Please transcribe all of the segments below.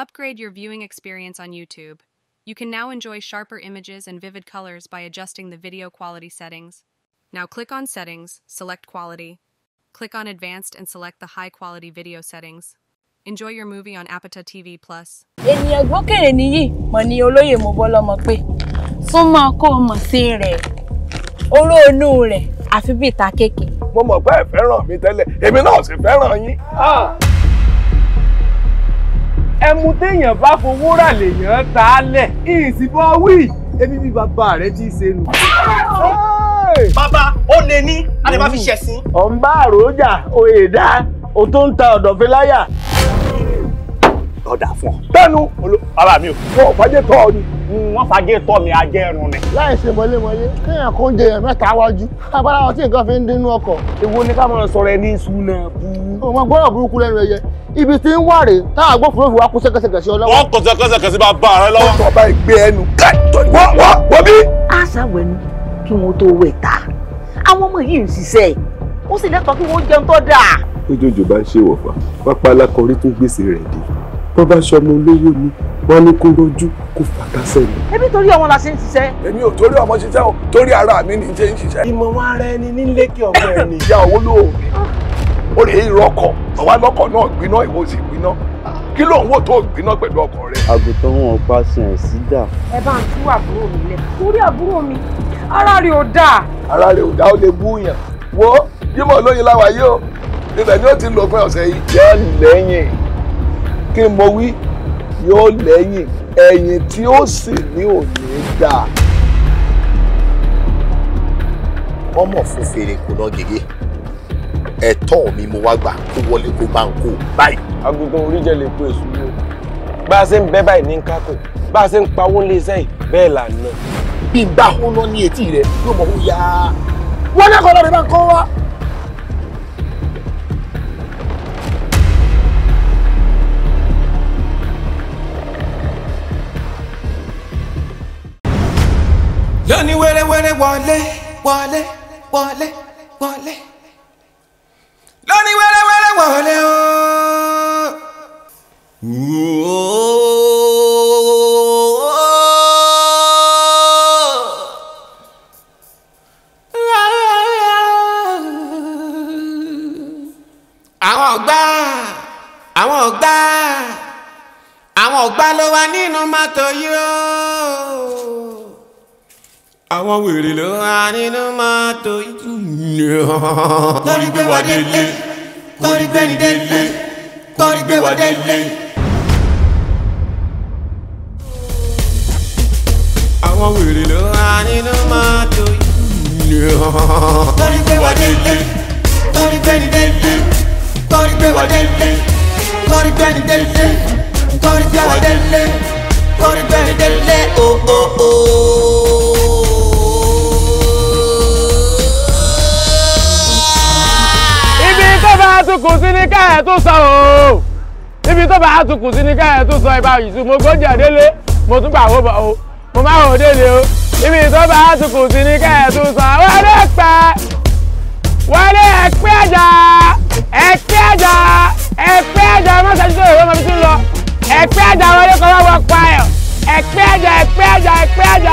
Upgrade your viewing experience on YouTube. You can now enjoy sharper images and vivid colors by adjusting the video quality settings. Now click on Settings, select Quality. Click on Advanced and select the High Quality Video Settings. Enjoy your movie on Apata TV+. Plus. ènìyàn gbókèrè nìyí mọ̀ ní olóyè ni afi mi tẹ́lẹ̀ ẹmu téèyàn bá fowó rà lèèyàn ta á lẹ̀ ìsìnbọn wí ebi bí bàbá rẹ ti ṣe nù. bàbá ó lè ní a lè má fi hmm. ṣẹ̀sín. ọ̀ àròjà oyè dá o tó ń ta ọ̀dọ̀fẹ́ láyà tọ́ da fún ọ. bẹ́ẹ̀nu ara mi o. wọn ò fagé tọ́ ọ ni. Hmm, wọn fagé tọ́ mi ajẹ́run ni. láì ṣe mọ̀lẹ́mọ̀lẹ́ kéèyàn kó ń jẹ èèyàn mẹ́ta wájú abala wọn tí nǹkan fi ń dínú ọkọ̀. èwo ni ká máa sọ̀rọ̀ ẹ ní sùnà bú. ọmọ gbọ́dọ̀ burúkú lẹ́nu ẹyẹ ibi tí ń wà rè táwọn agbófinró fi wá kú sẹ́kẹsẹkẹ sí ọ lọ́wọ́. wọ́n kọ sẹ́kẹsẹkẹ sí bá bá ara lọ́wọ́. wọ́n a ṣàwẹ̀nu kí wọ́n tó wẹ̀ ta àwọn ọmọ yìí ń ṣiṣẹ́ ó sì lẹ́tọ̀ọ́ kí wọ́n jẹun tó dáa. ejò jò bá ń tó bá ṣọmọ olówó ni wọn ní kó rọjú kó fàtà sẹ́yìn. ẹbí torí ọmọ la ṣe ń ṣiṣẹ́. èmi ò torí ọmọ ṣiṣẹ́ o torí ara mi ni ṣe ń ṣiṣẹ́. ìmọ̀ wa ara ẹni nílé kí ọmọ ẹni. ìyá owó ló òbí ó lè rí ọkọ̀ ọ̀wá lọ́kọ̀ náà gbiná ìwọ sì gbiná kí ló ń wò tó gbiná pẹ̀lú ọkọ̀ rẹ. àgùntàn wọn pa sàn sí dà. ẹ bá ń tú àbúrò mi lẹ torí àbúrò mi ara rẹ ò dáa. ara rẹ ò dáa ó lè bú yàn wo yímọ̀ lóyin láwa yìí o ni ó ti lò pé ọ̀sẹ̀ yìí. yọ lẹ́yìn kí n mo wí yóò lẹ́yìn ẹ̀yìn tí ó sì ní òní dà. ọmọ fún fèrè kò lọ gègé ẹ̀tọ́ mi mo wá gbà kó wọlé kó bá ń kó báyìí. agogo oríjẹ lè kó èso yìí o bá a ṣe ń bẹ báyìí ní kákò bá a ṣe ń pawó lé iṣẹ́ yìí là ń ná. bí n bá hún ní etí rẹ yóò mọ̀ ó yá wọn náà kọ́ lọ́ọ́ bá ń kọ́ wá. lóní wẹ́rẹ́wẹ́rẹ́ wọlé wọlé wọlé wọlé lóní wẹ́rẹ́wẹ́rẹ́ wọlé ooo. àwọn wèrè ló wà nínú mọ́tò yìí. torí gbé wa délé torí gbé ni délé torí gbé wa délé. àwọn wèrè ló wà nínú mọ́tò yìí. torí gbé wa délé torí gbé ni délé torí gbé wa délé torí gbé ni délé torí gbé wa délé torí gbé ni délé o oh, o oh, o. Oh. bá tukùn sí ní káyẹ̀ tó sọ o ibi tó bá tukùn sí ní káyẹ̀ tó sọ ìbá yìí mo gbọ́njẹ̀ délé mo tún bá wò bọ̀ o mo má wò délé o ibi tó bá tukùn sí ní káyẹ̀ tó sọ wọlé pẹ́ wọlé ẹ̀pẹ́ ẹ̀jà ẹ̀pẹ́ ẹ̀jà ẹ̀pẹ́ ẹ̀jà mọ́sálásí tó yẹ wọ́n tún lọ ẹ̀pẹ́ ẹ̀jà wọlé kọ́ wọ́n wọ ẹ̀pẹ́ ẹ̀jà ẹ̀pẹ́ ẹ̀jà ẹ̀pẹ́ ẹ̀jà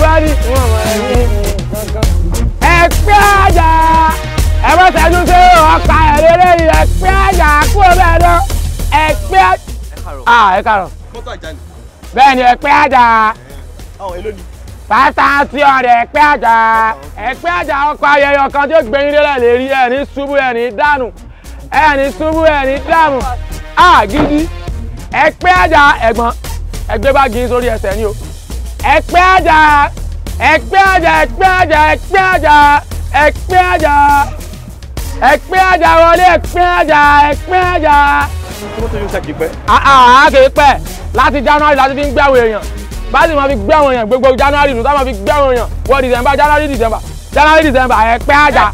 báyìí ẹ pé àjà ẹ bọ́ sẹ́nu tó ọkà ẹ̀ lórí yìí ẹ pé àjà kú bẹ́ẹ̀ lọ ẹ pé àjà ah, ẹ kàrọ̀ bẹ́ẹ̀ ni ẹ pé àjà pátá tí ọ̀rẹ́ ẹ pé àjà ẹ pé àjà ọkọ̀ ayẹyẹ kan tó gbẹ̀yìn lélẹ̀ lè rí ẹ̀ ní ṣubú ẹ̀ ní dànù ẹ̀ ní ṣubú ẹ̀ ní dànù à ah, gidi ẹ àjà ẹ̀gbọ́n ẹgbẹ́ bá gí sórí ẹsẹ̀ ni o ẹ àjà ẹ̀pẹ́ àjà ẹ̀pẹ́ àjà ẹ̀pẹ́ àjà ẹ̀pẹ́ àjà ẹ̀pẹ́ àjà wọlé ẹ̀pẹ́ àjà ẹ̀pẹ́ àjà. kí ló tó yóò ṣàkí pẹ́. àà kì í pẹ́ láti january láti fi ń gbé àwọn èèyàn bá sì máa fi gbé àwọn èèyàn gbogbo january nù tá máa fi gbé àwọn èèyàn wọ december january december january december ẹ̀pẹ́ àjà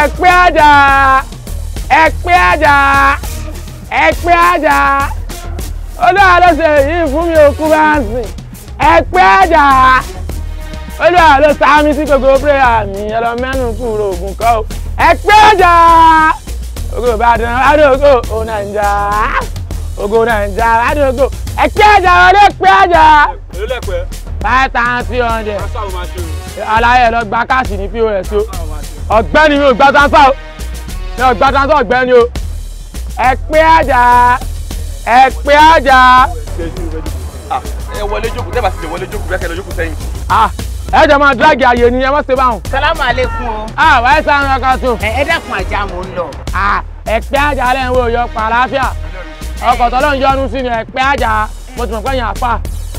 ẹ̀pẹ́ àjà ẹ̀pẹ́ àjà ẹ̀pẹ́ àjà olóòlù ṣe èyí fún mi òkú bá ń sìn ẹ̀pẹ́ àjà olúwa ló sá mi sí gbogbo prayer mi ẹ lọ mẹ́nu kúrò ògùn kọ́ o ẹ pé ọjà ògo ìbàdàn adógo ò nàìjà ògo nàìjà adógo ẹ pé ọjà ọdẹ pé ọjà. èló lẹ́pẹ́. five thousand three hundred. kásáwò máa ṣe o. aláyẹ lọ gba káàsì ní pos o ọ̀gbẹ́ni mi ò gba transfer o mi ò gba transfer ọ̀gbẹ́ni o ẹ pé ọjà ẹ pé ọjà. Ah, ẹ wọlé jókòó tẹ́ bá ti lè wọlé jókòó bẹ́ẹ̀ kẹ́ lọ jókòó sẹ́yìn. Ah, ẹ jọ máa dúrágì ààyè ni ẹ má ṣe báwọn. sálámù alẹ́kùn o. a wáyé sáà ń ra ká tún. ẹ dẹ́kun ajá mò ń lọ. ẹ̀pẹ́ ajá lẹ́yìn wo yọ pàlàáfíà ọkọ̀ tọ́lọ́run yọ́nú sí ni ẹ̀pẹ́ ajá mo ti mọ̀ pé ẹ̀yin àfà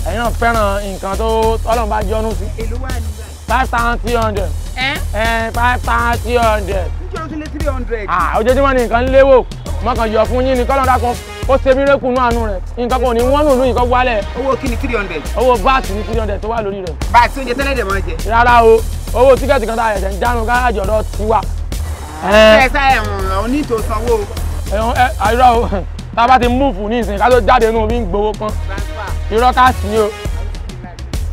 ẹ̀yin fẹ́ràn nǹkan tó tọ́lọ́run bá yọ́nú sí. èlò wà nígbà five thousand three hundred. ẹ ẹ five thousand three hundred. níjẹ́ o ti lé three hundred. ah ojoojúmọ́ ni nǹkan ń léwò mo kàn yọ fún yín ni kọ́lọ́dá kan ó ṣe mí rékùnú àánú rẹ̀ nǹkan kan ò ní wọ́n nù lóyìn kan wálẹ̀. owó kí ni three hundred. owó báàsì ni three hundred tó wà lórí rẹ̀. báàsì oúnjẹ tẹ́lẹ̀ dẹ̀ máa jẹ. rárá o owó tíkẹ́ẹ̀tì kan tá a yẹ̀sẹ̀ ń dánu gáràjì ọ̀dọ́ ti wà. ẹ ẹ sá ẹ̀wọ̀n ò ní tò sanwó. ẹ̀wọ̀n ẹ àìrọ̀ o tá a bá ti múùfù ní ìsìn ká tó jáde nù bí ń gbowó kan. irọ́ ká sí o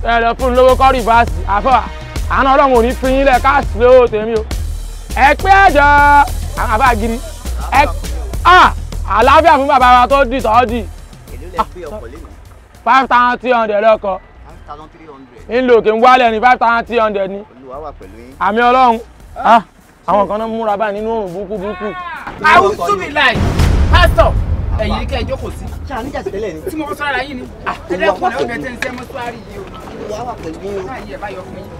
ẹ lọ fún lówó kọ́ àná ọlọ́run ò ní fi yín lẹ̀ ká sílé o tèmi o ẹ pé ẹjọ àwọn àbá gidi ẹ àlàáfíà fún bàbá wa tó dì tó dì five thousand three hundred lọ́kọ̀ ńlò kí n wálẹ̀ ní five thousand three hundred ní àmì ọlọ́run àwọn kan náà múra báyìí nínú òrùn burúkú burúkú. àwùjọ mi láì pásítọ̀ ẹ̀yin kẹ́ ẹ jókòó sí. ṣáà níjà tẹ́lẹ̀ ni. tí mo sọ ara yín ni. ẹlẹ́kùn ọ̀dọ̀ tẹ̀ ń sẹ́ mọ́ṣúárì yìí o. ìwà wà pẹ̀lú yín o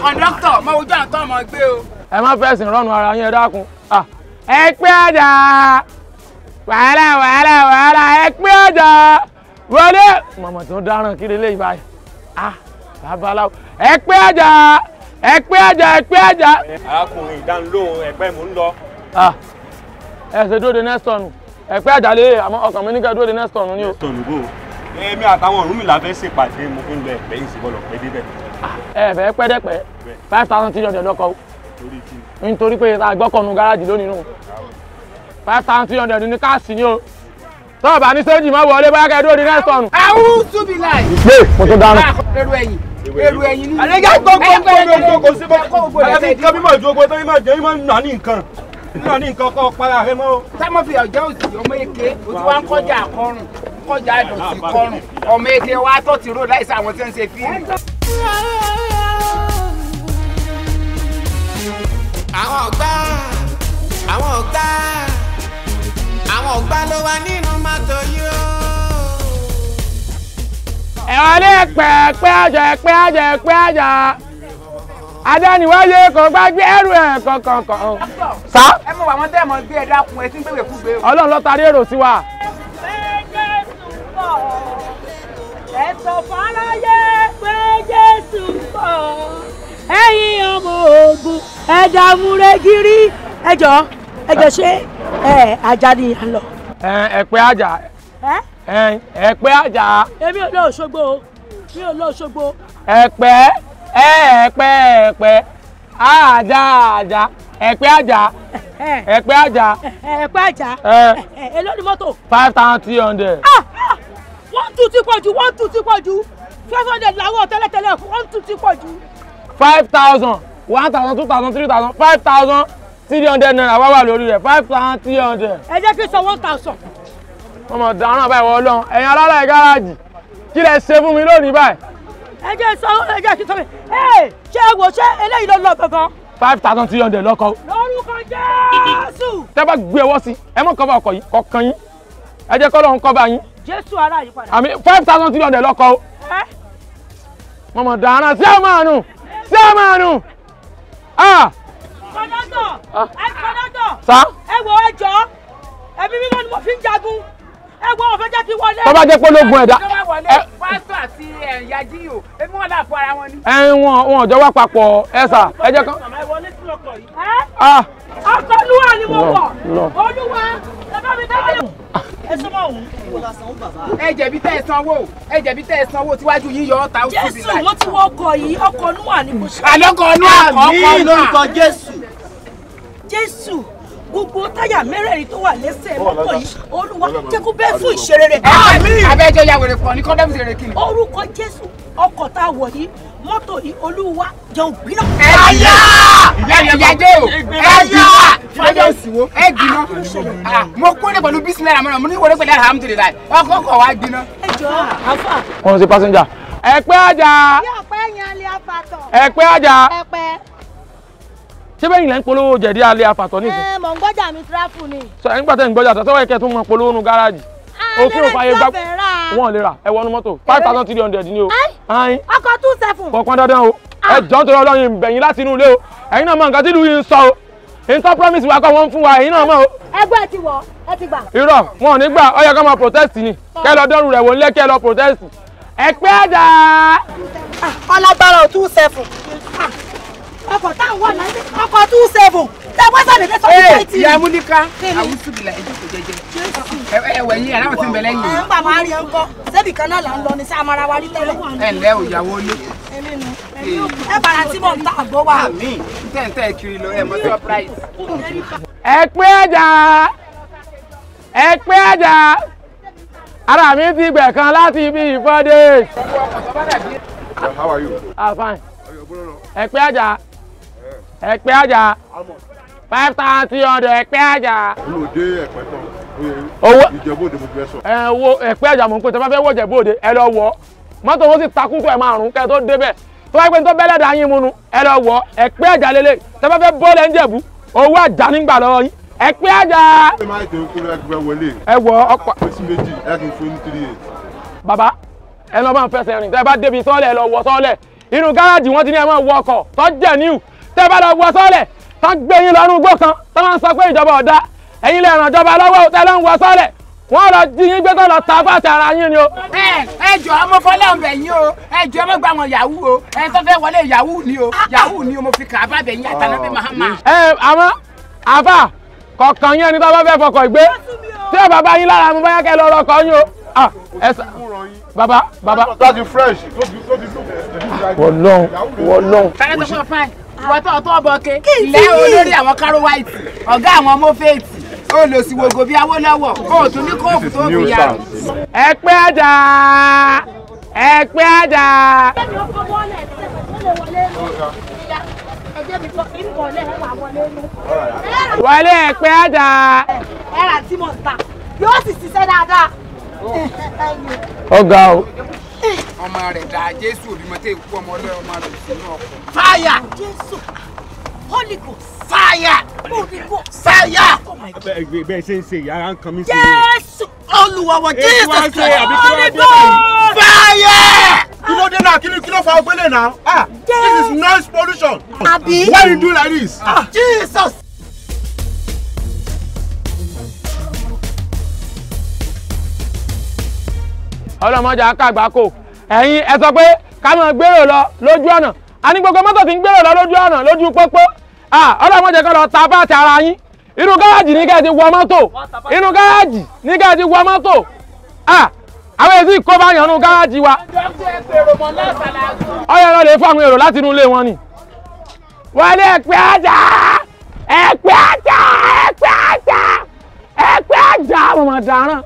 kọ̀ńdọ́tọ̀ mọ ojú àtọ́ mọ gbé o. ẹ má fẹ̀sìn rọ́nu ara yín ẹ dákun. Ah, ẹ pé ọ̀dà wàhálà wàhálà wàhálà ẹ pé ọ̀dà wọlé. mọ̀mọ́ tí wọ́n dáràn kiri lé ibà yìí. Ah, babaláwo ẹ pé ọ̀dà ẹ pé ọ̀dà ẹ pé ọ̀dà. arákùnrin ìdánilóhùn ẹgbẹ́ mò ń lọ. Ah, ẹ ṣe dúró de next turn ẹ pé ọ̀dà lé àmọ́ ọkàn mi ní ká dúró de next turn ni o. next turn bò ó èmi àtàwọn ọ̀rùn mi la fẹ́ ṣèpàdé mo fi ń lọ ẹ̀pẹ́ yìí síbọ̀ lọ pé débẹ̀. Ah, ẹ̀fẹ̀ pẹ́dẹ́pẹ́ five thousand three hundred ọkọ̀ nítorí pé àgbọ́kànnù gáràjì lónìí nù five thousand three hundred ní káàsì ni o tọ́ bá ní sẹ́jì máa wọlé bá kẹ́ẹ́dọ́ di rẹ́sítọ̀nù. àwọn túbí láì. ìpè mo tó dáná. èrò ẹ̀yìn èrò ẹ̀yìn ni. àlejò gbogbo gbogbo kò sí bọ́ àti nǹkan mímọ̀ ìjókòó tó mímọ̀ jẹ́ mímọ̀ nà ní nǹkan nà ní nǹkan kọ́ para rẹ mọ́. sámọ́fì ọjọ́ òsì ọmọ èké o ti wá ń kọjá àkọrùn. kọjá ìdọ̀tí kọrùn ọmọ èdè wa tó ti rò láìsí àwọn tí ń àwọn ọ̀gbá àwọn nínú mọ́tò yìí o. àjà ẹ sọ fáráyé pé Jésù ń bọ̀ ẹ̀yin ọmọ ogun ẹ dàmúre gírí ẹ jọ ẹ jọ ṣé ẹ ajá ni à ń lọ. ẹ pé ajá ẹ pé ajá. èmi ò lọ Òṣogbo o mi ò lọ Òṣogbo. ẹ pẹ́ ẹ pẹ́ ẹ pẹ́ ajá ajá ẹ̀pẹ́ àjà ẹ̀pẹ́ àjà ẹ̀pẹ́ àjà èló ni mọ́tò. five thousand three hundred. Ah, ah one two ti pọ̀ jù one two ti pọ̀ five hundred làwọn tẹ́lẹ̀tẹ́lẹ̀ one two ti pọ̀ five thousand one thousand two thousand three thousand five thousand three hundred naira wá wà lórí rẹ̀ five thousand three hundred. ẹ jẹ́ kí n sọ one thousand. ọmọ dàrán báyìí wọ́n lọ ẹ̀yin alára ẹ̀ gáràjì kí lẹ ṣe fún mi lónìí báyìí. ẹ jẹ́ sọ ẹ jẹ́ kí n sọ mi ẹ ṣé ẹ wò ṣé eléyìí ló lọ gangan. five thousand three hundred lọ́kọ. lórúkọ Jésù. tẹ́ bá gbé ọwọ́ sí ẹ mọ̀ kọ́ bá ọkọ̀ yìí kọ̀ọ̀kan yín ẹ jẹ́ kọ́ lọ́run kọ́ bá yín jésù ara yìí padà. àmì five thousand three hundred lọ́kọ̀ o. wọ́n mọ̀ dáná sí ẹ̀ máa nù sí ẹ̀ máa nù. kọ́dọ́tọ̀ ah! ah. ẹ kọ́dọ́tọ̀ ẹ wọ ẹjọ́ ẹ̀mí mímọ́ ni mo fi ń jagun ẹ̀gbọ́n òfin jẹ́ kí wọlé. tọ́ba jẹ́ pé ẹ̀dá. pásítọ̀ wọn jọ wá papọ̀ ẹ̀sà ẹ jẹ́ kán. ọkọlúwa ni mo wọ ah. olúwa ẹ̀fọ́ mi tẹ́lẹ̀. ẹ súnmọ́ òun. ẹ jẹ̀bi tẹ́ ẹ sanwó ẹ jẹ̀bi tẹ́ ẹ sanwó tíwájú yín yọ ó tóbi láì. jésù wọ́n ti wọ ọkọ̀ yìí ọkọ̀ núwà ni mo ṣe. àlọ́kọ̀ núwà kọ́ ọkọ̀ núwà. jésù gbogbo táyà mẹ́rẹ̀ẹ̀rin tó wà lẹ́sẹ̀ mọ́tò yìí olúwa jẹ́ kó bẹ́ẹ̀ fún ìṣeré rẹ̀. abẹ́jọ́ ya wèrè fún ọ ní kọ́ńdọ́mù ṣe rè kí ni. orúkọ jésù ọkọ̀ tá a wọ̀ yìí mọ́tò yìí olúwa jẹ́ ògbínà. ẹ yá ìyájọ́ ẹ yá fọjọ́ òsìwò ẹ gbiná. mo kó ní pẹ̀lú bísí náírà mọ́ra mo ní wọlé pẹ̀lú alhamdulilayi ọkọ̀ ọkọ̀ wa gbiná. ẹ jọ àfa. wọn ti pásẹ́njà ẹ̀pẹ́ àjà. yóò pẹ́ yan ilé apàtàn. ẹ̀pẹ́ àjà. ẹ̀pẹ́ ṣé bẹ́yìn lẹ́ ń polówó jẹ̀dí alẹ́ afàtọ́ nísìn. ẹ mọ̀ ń gbọ́jà mi tíráfù ni. sọ ẹ̀ ń gbàtẹ́ ń gbọ́jà sọ sọ́wọ́ ẹ̀kẹ́ tún mọ polówó nu gáràjì. òkè òfàyè gbà wọn lè rà ẹ wọnú mọ́tò five thousand three hundred ni o. ọkọ̀ two seven. kọ̀ọ̀kan dandan o ẹ jọ́ nítorí ọlọ́run ìbẹ̀yìn láti inú ilé o ẹ̀yin náà mọ nǹkan tí ìlú sọ o nǹkan promise wa kọ́ wọ́n fún wa ẹ̀yin náà mọ̀ o. ẹgbẹ́ ti wọ̀ ẹ ti gbà. irọ́ wọn ò ní gbà ó yẹ kó máa protest ni kẹ́ lọ dọ́rù rẹ̀ wò ń lé lọ protest. ẹ pẹ́ dà. ọlágbára ò tún ọkọ̀ tá à ń wọ̀ náà ọkọ̀ two seven tẹ wọ́n sàdédé sọ fún twenty. ee ìyá múlíkà àwùsùbìlà ẹjọkọ jẹjẹ ẹwẹ yín aláwọ tí ń bẹ lẹ́yìn. ẹ ń gbà máa rí ẹ ń kọ sẹ́bì kan náà là ń lọ ní sáà mara wa rí tẹ́lẹ̀. ẹ ǹlẹ́ o ìyàwó ilé. ẹ bàrà tí mò ń ta àgbo wa. àmì ntẹ̀ntẹ̀ kiri lọ ẹ mọ surprise. ẹ pé ẹja ẹ pé ẹja ara mi ti gbẹ̀ kan láti ibi ìfọ́dé. how are you. ah fine. ẹ pé ẹja ẹ̀pẹ́ ọjà five thousand two hundred ẹ̀pẹ́ ọjà. olùdé ẹ̀pẹ́ tán owó ìjẹ̀bú-òde mo fẹ́ sọ. ẹ wo ẹ̀pẹ́ ọjà mò ń pè tẹ́ bá fẹ́ wọ ìjẹ̀bú-òde ẹ lọ wọ̀ mọ́tò wọn sì takú kó ẹ̀ máa rún kẹ́ ẹ tó débẹ̀ tó wáyé pé tó bẹ́lẹ̀ dà yín múnu ẹ lọ wọ̀ ẹ̀pẹ́ ọjà lélẹ̀ tẹ́ bá fẹ́ bọ́ọ̀lẹ̀ ń jẹ̀bú owó àjà nígbà lọ́wọ́ yín ẹ̀pẹ́ ọjà. ẹ wọ ọkọ. oṣù méjì ẹ bàbá ẹ lọ máa fẹsẹ̀ rìn tẹ́ bá débi sọ́ọ̀lẹ̀ ẹ lọ wọ tẹ́ bá lọ wọ sọ́ọ̀lẹ̀ tán gbé yín lọ́rùn gbó kan tán máa ń sọ pé ìjọba ọ̀dà ẹ̀yin lè ràn ìjọba lọ́wọ́ tẹ́ ló ń wọ sọ́ọ̀lẹ̀ wọ́n lọ jí yín gbé tó lọ ta fáṣà ara yín ni o. ẹ ẹ jọ ọmọ fọlẹ́ ọ̀bẹ yín o ẹ jọ ọmọ gba àwọn yahoo o ẹ tó fẹ́ wọlé yahoo ni o yahoo ni o mo fi kà á bá bẹ̀ yín àtàlábẹ̀ oh, mahama. ẹ eh, àmọ́ àfà kọ̀ọ̀kan yẹn ni tó bá fẹ́ fọkọ̀ ìgbé tí ẹ bàbá yín lára mo bá yá kẹ́ lọ rọ kọ́ yín o. Ah, bàbá bàbá. wọ́n lọ́n wọ́n lọ́n ìwọ tó ọtọ bọke ilẹ̀ olórí àwọn káró white ọ̀gá àwọn mọ́fẹ́ẹ̀tì ó lọ sí wogo bíi awólọ́wọ̀ ó tún ní kóòfù tó fi yàrá. ẹ pé àdá ẹ pé àdá. wọlé ẹ pé àdá. ẹ rà tí mo ta yóò sì ṣiṣẹ́ dáadáa. ọ̀gá o ọmọ rẹ̀ dá jésù òbímọ tẹ́ ikú ọmọ ọlọ́run ọmọ rẹ̀ sínú ọkọ̀. fire jésù holy ghost fire holy ghost fire. Oh bẹ́ẹ̀ ṣe ń ṣe yàrá ń mi sí i. jésù olùwàwọ̀ jésù holy ghost fire. kí ló dé náà kí ló kí ló fa ọgbẹ́lẹ̀ náà ah this is noise pollution. àbí why you do like this. ah jesus. ọlọ́mọdé akágbáko ẹ̀yin ẹ sọ pé ká máa gbèrò lọ lójú ọ̀nà àní gbogbo mọ́tò tí ń gbèrò lọ lójú ọ̀nà lójú pópó ọlọ́mọdé kan lọ ta báàtì ara yín inú gárájì ní kẹ́ẹ̀ ti wọ mọ́tò inú gárájì ní kẹ́ẹ̀ ti wọ mọ́tò àwọn èsì kó bá yànnú gárájì wa ọyọ lọ lè fún àwọn èrò láti inú ilé wọn ni wọlé ẹ̀pẹ́ àjà ẹ̀pẹ́ àjà ẹ̀pẹ́ àjà ẹ̀pẹ́ àjà mọ̀mọ́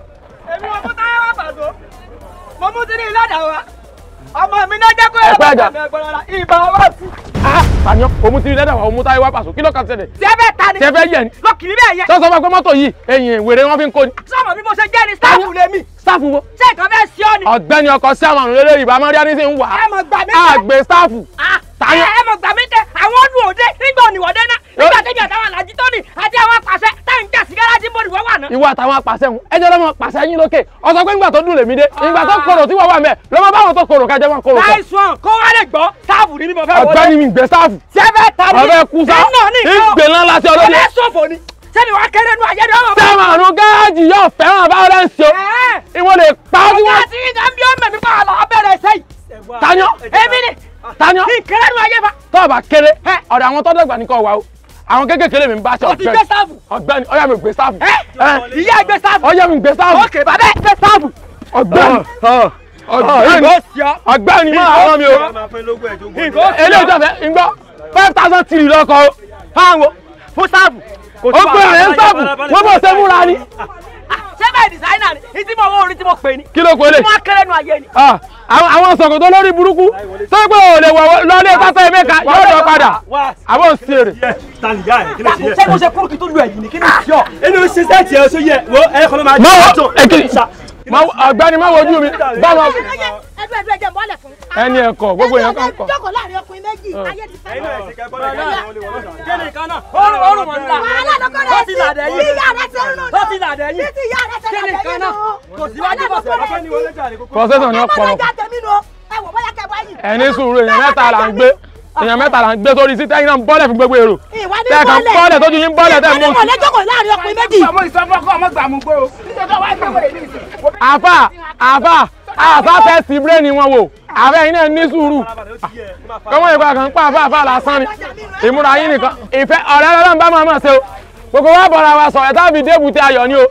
mo mú sí ní ìlànà wa ọmọ mi náà jẹ́ kó yẹ kó tẹ̀lé ẹgbẹ́ rárá ìbá wa ti. Tàníọ́ òmu ti lẹ́dà wa òmu táyé wá pàṣọ kí ló kàn ṣẹlẹ̀. Tẹ́fẹ́ ta ni. Tẹ́fẹ́ yẹ ni. Lọ bẹ́ẹ̀ yẹ. Sọ́sọ́ máa gbé mọ́tò yìí ẹ̀yìn wèrè wọn fi ń kó ni. Sọ́mọ bí mo ṣe jẹ́ ni sáàfù lèmi. Sáàfù wo. Ṣé nǹkan fẹ́ sí ọ ni. Ọ̀gbẹ́ni ọkọ̀ sí àwọn àrùn lélẹ́yìn ìbámu rí ń wà. Ẹ mọ̀ gbà mí tẹ. Àgbẹ̀ sáàfù. Ah, Tàníọ́. Ẹ mọ̀ gbà mí tẹ. Àwọn ọdún òde nígb ìwọ àtàwọn apàṣẹ ń ẹjọ́ lọ́mọ pàṣẹ yín lókè ọ̀sọ́ pé ńgbà tó dùn lèmi dé ìgbà ah. tó korò tí wọ́n wà mẹ́ lọ́mọ báwọn tó korò kájẹ́ wọn korò kan. láìsùn kó wá lè gbọ́ sáàbù ní mímọ fẹ́ wọlé. ọ̀gbẹ́ni mi gbẹ sáàbù. sẹ́fẹ̀ tani ọ̀fẹ́ kusa ìgbẹ̀lá láti ọlọ́dẹ. ọlẹ́sọ̀fọ̀ ni sẹ́ni wàá kéré nù àyẹ̀dẹ̀ ọmọ. sẹ́wọ̀n àrùn gáàjì yóò fẹ́ràn violence o ìwọ lè pa á sí àwọn kékèké lèmi ń bá ṣe ọ̀gbẹ́ni ọ̀gbẹ́ni ọ̀yá mi gbé sáàbù. ìyá gbé sáàbù. ọ̀yá mi gbé sáàbù. òkè bàbá ẹ̀ gbé sáàbù. ọ̀gbẹ́ni ọ̀gbẹ́ni ọ̀gbẹ́ni máa rán mi o. eléyìí tó fẹ́ ń five thousand tìrì lọ́kọ̀ fún sáàbù. ó pè ọ̀rẹ́ sáàbù wọ́n bọ̀ ṣe múra ṣé bẹ́ẹ̀ dìsáínà ni ìtí mo wọ orin tí mo pè ní. kí ló pè lè. ìmọ̀ akẹ́rẹ́ nu ayé ni. àwọn sọ̀kò tó lórí burúkú tó pé ò lè wọ̀ lọ́lé sásẹ́ mẹ́ka yóò lọ padà àbọ̀ ń ṣe rè. ṣé mo ṣe kúrò kí tó lu ẹ̀yìn ni kí ni ìṣọ́. ẹni o ṣe sẹ́ẹ̀tì ẹ̀ ọ̀gbẹ́ni má wojú mi báwọn. ẹdú ẹdú ẹjẹ mọ́lẹ̀ fún. ẹni ẹ̀kọ́ gbogbo yẹn kan kọ. jókòó láàrin ọkùnrin méjì ah. ayé ti fẹ́. kéde kaná ọrùn mọ̀ nígbà. wàhálà lọkọ rẹ ti bí ìyá ti rún un. tó ti là dẹ́yìn. bí ti ìyá rẹ ti là dẹ́yìn nù. kò síwájú kọ̀sẹ̀. kọ̀sẹ̀ sàn ni ọ̀pọ̀ ẹni sùúrù èèyàn mẹ́ta là ń gbé èèyàn mẹ́ta là ń gbé sórí sí tẹ́yìn náà ń bọ́lẹ̀ fún gbogbo èrò tẹ́ẹ̀kan bọ́lẹ̀ tó ti yín bọ́lẹ̀ tẹ́ẹ̀ mú. ìwádìí lọ́jọ́kọ̀ láàrin ọkùnrin méjì. àfà àfà àfà fẹ́ sí bírèèni wọn wò àfà yín náà ní sùúrù kọ́mọ ìgbà kan pa àfà àfà lásán ni ìmúra yín nìkan ìfẹ́ ọ̀rẹ́ lọ́dọ̀ ń bá máa máa ṣe o gbogbo wa bọ̀ra wa sọ̀rọ̀ tábì débùté ayọ̀ ni o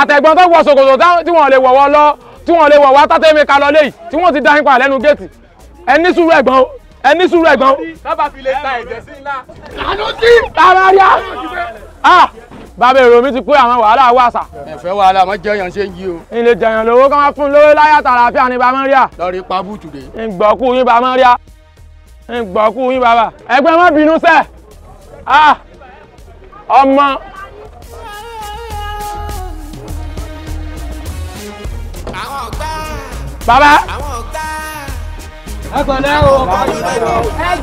àtẹ̀gbọ́n tó wọ ṣòkòtò tí wọ́n lè wọ̀wọ́ lọ tí wọ́n lè wọ̀wọ́ tátẹ́mẹ́ka lọ léyìí tí wọ́n ti dá yín pa lẹ́nu géètì ẹ ní sùúrù ẹ̀gbọ́n o ẹ ní sùúrù ẹ̀gbọ́n. sábà fi lè ta ẹ̀jẹ̀ sí iná. àánú tí. ara rí a. Ah, bàbá èrò mi ti pé àwọn wàhálà wà sà. ẹ̀fẹ́ wàhálà mọ jẹyàn ṣe ń yí o. ilé jẹyàn lówó kán wá fún lówó láyà tààrà àfíà ni bàmá rí a. lọ́ọ̀rì pa búùtù dé. ń gbọ́kú yín bàmá rí a. ń gbọ́kú yín bàbá. ẹgbẹ́ má bínú sẹ́. Ah, ọmọ. bàbá. àwọn ẹ pẹ̀lẹ́ o ẹ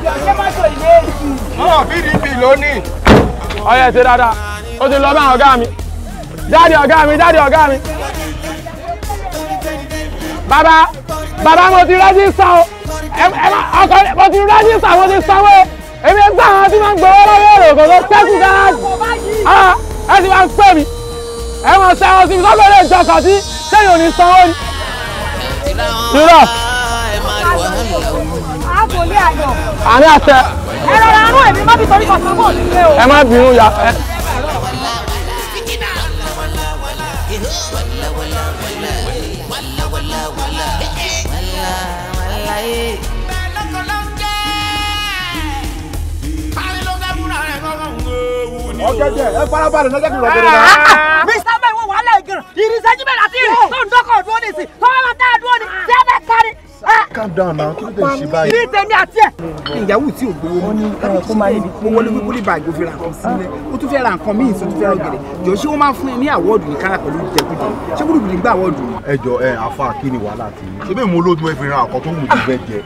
jọ ṣé mọ́tò ilé èsì. wọn pdp lónìí. ọyẹ ṣe dáadáa ó ti lọ bá ọ̀gá mi jáde ọ̀gá mi jáde ọ̀gá mi. bàbá bàbá mo ti rẹ́jísà o ọkọ mo ti rẹ́jísà mo ti sanwó èmi ń gbà wọn tí máa ń gbowó lọ́wọ́ èrò kò tó sẹ́kù gáràjì ah, ẹ ti máa ń pè mí ẹ mọ̀ sẹ́wọ̀n sí mi sọ́kọ̀ lè jọkọ̀ sí sẹ́yìn ò ní sanwó ni. irọ́. àní àtẹ. ẹ rọra arún èmi má fi torí kan sí kò sílé o. ẹ má bínú ya. ọgẹdẹ ẹ farabalẹ̀ lọjọ kìlọ gẹdẹ náà. Ah, ah, mr bẹ́ẹ̀ wọ wàhálà ìgẹrẹ ìrìnsẹjú bẹ́ẹ̀ láti rìn tó ń dọkọ dúró nìsín tó ń bá tá tí a bẹ kárí calm down now kí ló dé ṣe báyìí. ní tèmi àti ẹ. ìyàwó tí ò gbowó wọn ní kó máa níbi kó wọlé wíwúlì báàgì òfin ra nǹkan sílẹ̀ ó tún fẹ́ ra nǹkan míì tó tún fẹ́ ra gẹ̀rẹ̀ jọ ṣé wọ́n máa fún ẹ ní àwọ́ọ̀dù ní kára pẹ̀lú jẹkújẹ ṣé gbúdùgbùdù ń gbà àwọ́ọ̀dù. ẹ jọ ẹ afa kí ni wàhálà ti ṣe bẹ́ẹ̀ mo lóògùn ẹ fi ra àkọ́ tó wù ú bẹ́ẹ̀ jẹ.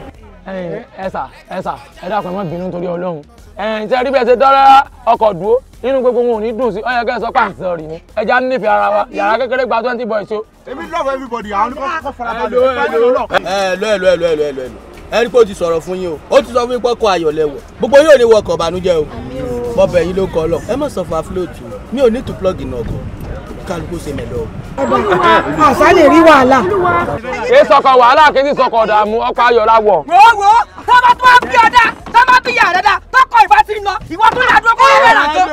ẹ sà ẹ sà ẹ dákun ẹ má bínú torí Ọlọ́run ìtẹ́ rí bẹ́ẹ̀ ṣe dọ́rẹ́ ọkọ̀ dúró inú gbogbo wọn ò ní dùn sí ọyọ kẹsàn pàǹsẹ̀ rì ni ẹja ń nífẹ̀ẹ́ ara wa yàrá kékeré gba twenty boys o. èmi love everybody àwọn oníkọ́ kọ́ farabalẹ̀ ẹ lọ ẹ lọ ẹ lọ ẹ lọ ẹ lọ ẹni pé o ti sọ̀rọ̀ fún yín o ó ti sọ fún yín pọ́kọ ayọ̀ lẹ́wọ̀ gbogbo yóò ní wọkọ̀ ìbànújẹ́ o bọ́bẹ̀ yín ló kọ́ lọ ẹ má sọ fún afúlóòtù mi ò ní plug in ọkọ̀ kálukú ṣe mẹ́lọ. àṣà lè rí wàhálà. kì í bí ìyá dá tọkọ ìfà sí lọ ìwọ tó yà dúró kọ́lé rẹ̀ làjọ.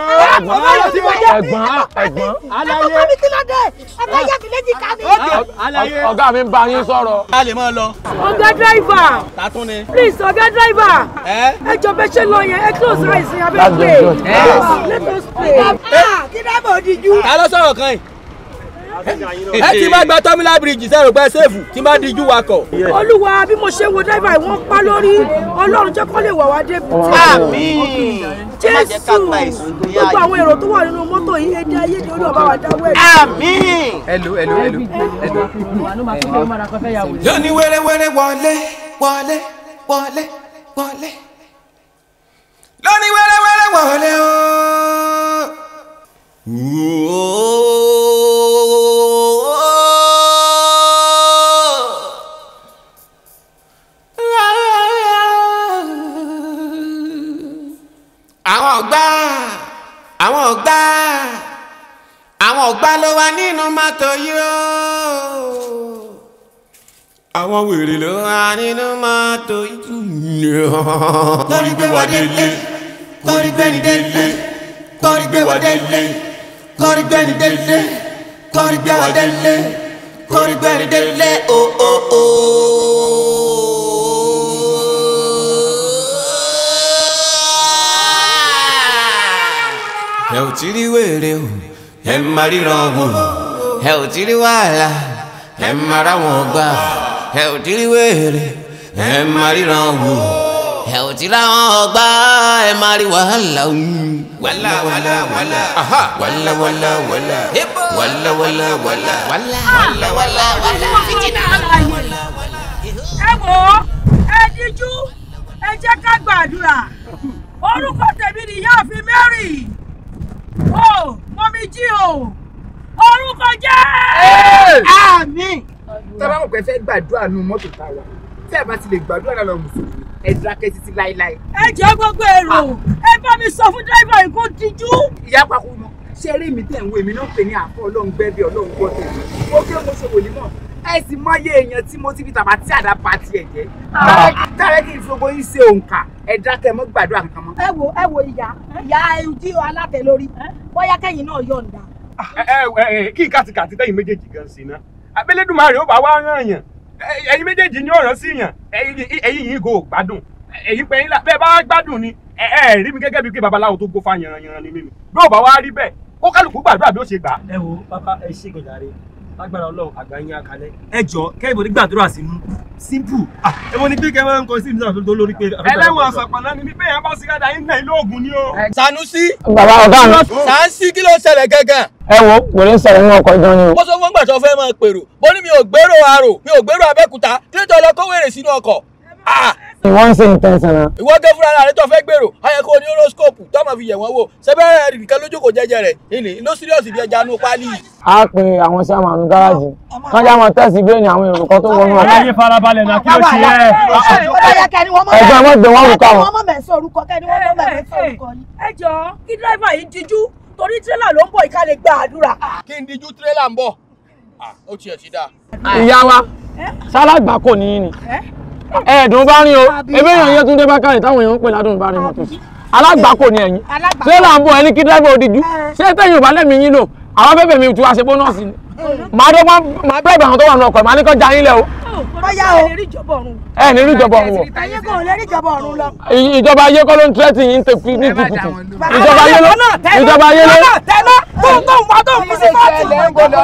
ẹ̀gbọ́n ẹ̀gbọ́n ẹ̀gbọ́n alaye ẹ̀gbọ́n mi kí ló dé ah. ẹ̀gbọ́n yẹ fi léjì ká mi. Ah, alaye ọ̀gá mi ń bá yín sọ̀rọ̀. a lè máa lọ. ọ̀gá dírẹ́fà. tatún ni. please ọ̀gá dírẹ́fà. ẹ jọ bẹ ṣe lọ yẹn ẹ close eyes yẹn abẹ́ play. let us play. kí dẹ́bọ̀ òdìjú. ta ló sọ̀rọ̀ kan yìí ẹ ti máa gba terminal bridge sẹ́rù pẹ́ sẹ́fù tí máa dijú wakọ̀. olúwa bí mo ṣe wo dáìbà ìwọ̀n pa lórí ọlọ́run jẹ́ kó wà wá dé. àmín jésù gbogbo àwọn èrò tó wà nínú mọ́tò yìí èdè ayédè olúwa bá wa dáwọ́ ẹ̀. àmín. ẹlò ẹlò ẹlò ẹlò. lónìí wẹ́rẹ́wẹ́rẹ́ wọlé wọlé wọlé wọlé lónìí wẹ́rẹ́wẹ́rẹ́ wọlé ooo. àwọn wèrè ló wà nínú mọ́tò kọ́ni gbé wa délé kọ́ni gbé ni délé kọ́ni gbé wa délé kọ́ni gbé ni délé kọ́ni gbé wa délé kọ́ni gbé ni délé o o o. ẹ ò tí rí wèrè o ẹ má ríran o ẹ ò tí rí wàhálà ẹ má ráwọn gbà ẹ ò tí rí wèrè ẹ máa ríran wò ẹ ò tí láwọn ọgbà ẹ máa rí wàhálà wàhálà wàhálà wàhálà wàhálà wàhálà wàhálà wàhálà wàhálà wàhálà wàhálà wàhálà wàhálà. ẹ wò ó ẹ díjú ẹ jẹ́ ká gbàdúrà orúkọ tèmi nìyáàfin Mary o mọ̀mí jí o orúkọ jẹ́ àmín tábà mọ̀ pé fẹ́ gbàdúrà nu mọ́tò tá a wà tí a bá ti lè gbàdúrà náà lọ mùsùlùmí ẹ dákẹ́ títí láéláé. ẹ jẹ́ gbogbo èrò ah. ẹ bá mi sọ fún dírẹ́fà yìí kó tijú. ìyá pàkó mọ ṣé eré mi tẹ̀ ń wo èmi náà pè ní àfọ ọlọ́run gbẹ́bí ọlọ́run gbọ́ tèmi ó kí mo ṣe wòlíì mọ̀ ẹ sì mọyé èèyàn tí mo ti fi tàbá tí àdá pa tiẹ̀ jẹ́. tààrẹ kì í fi ogbó yín ṣe òǹkà ẹ dákẹ́ mọ́ gbàdúrà nǹkan mọ́. ẹ wo ẹ wo ìyá ìyá ojú alátẹ lórí eh? bóyá kẹ́yìn náà yọ̀ǹda. ẹ ah, ẹ eh, eh, kí kàtìkàtì tẹ́yìn méjèèjì gan-an sí náà abẹ́lẹ́dùnmáà rẹ̀ ó bá wá ràn yàn ẹ̀yin méjèèjì ní ọ̀rọ̀ sí yàn ẹ̀yin yìí kò gbádùn ẹ̀yin pé yín bẹ́ẹ̀ bá gbádùn ni ẹ ẹ rí mi gẹ́gẹ́ bíi pé babaláwo tó gbófa yanranyanran ni mímu bí ò bá wá rí bẹ́ẹ̀ kó kálukú gbàdúrà bí ó ṣe gbà. ẹ wo bàbá ẹ ṣègùn jàre lágbára Ọlọ́run àgbáyé akalẹ ẹ jọ kẹbìbò ní gbàdúrà sí mú simple ah, ẹ mo ní pé kẹ máa ń kọ sí ìdílé àtúntò lórí pé. ẹlẹ́wọ̀n àṣàpàná ni pé yẹn bá sìgá dà yín náà ilé oògùn ni o. Sanusi. bàbá ọ̀gá mi. Sanusi kí ló ṣẹlẹ̀ gangan. ẹ wo kò ní sọ̀rọ̀ ní ọkọ̀ gan o. mo sọ fún gbàtọ́ fẹ́ máa pèrò bó ní mi ò gbèrò àrò mi ò gbèrò Abẹ́òkúta kí ló tó lọ kówó sínú ọkọ̀ ah! wọ́n ń ṣe nǹkan sanra. ìwọ tó fúnra rẹ̀ tó fẹ́ gbèrò ayẹ kó o ní horoscope tó máa fi yẹ̀ wọ́n wò sẹ́bẹ̀rẹ̀ nìkan lójú kò jẹjẹ rẹ̀ ilé ló sírìọ́sì bí ẹja nù pálí. a pe àwọn sí àmàlù gáràjì kan jẹ́ àwọn tẹ́sí bírèèni àwọn èrò kan tó wọnú ọ̀la. ayé farabalẹ̀ náà kí ló ṣe é. ẹjọ́ wọn gbé wọn wù ká wọn. ẹ jọ kí dírẹ́fà yìí dijú torí tírélà ló ń bọ̀ ìkàlẹ̀ gba àdúrà. kí n dijú tírélà ń bọ̀ ah, ó tiẹ̀ sí dáa. ìyá wa sálágbà eh? kò ní í ni. Eh? ẹ̀ẹ́dùn bá rin o ebe èèyàn yẹn Túndé Bákàrè táwọn èèyàn ń pè ládùn bá rin mọ́tò alágbàkò ni ẹ̀yin ṣé là ń bọ̀ ẹni kí dẹ́gbẹ́ òdìjú ṣé tẹ̀yìn ò bá lẹ́mìí yín lò àwọn bẹ́bẹ̀ mi tu àṣẹ bónọ́ọ̀sì ni màá dé máa bẹ́ẹ̀ bá àwọn tó wà nù ọkọ̀ màá ní kọ́ ja yín lẹ̀ o. bóyá o ẹ ní ìjọba ọ̀run wọ̀. ẹ̀yin kò lè rí ìjọba ọ̀run lọ. ìjọba ayé kọ́ ló ń tẹ́tì yín ní tìkùtù tó ń tó ń wá tó ń fún sí kóòtù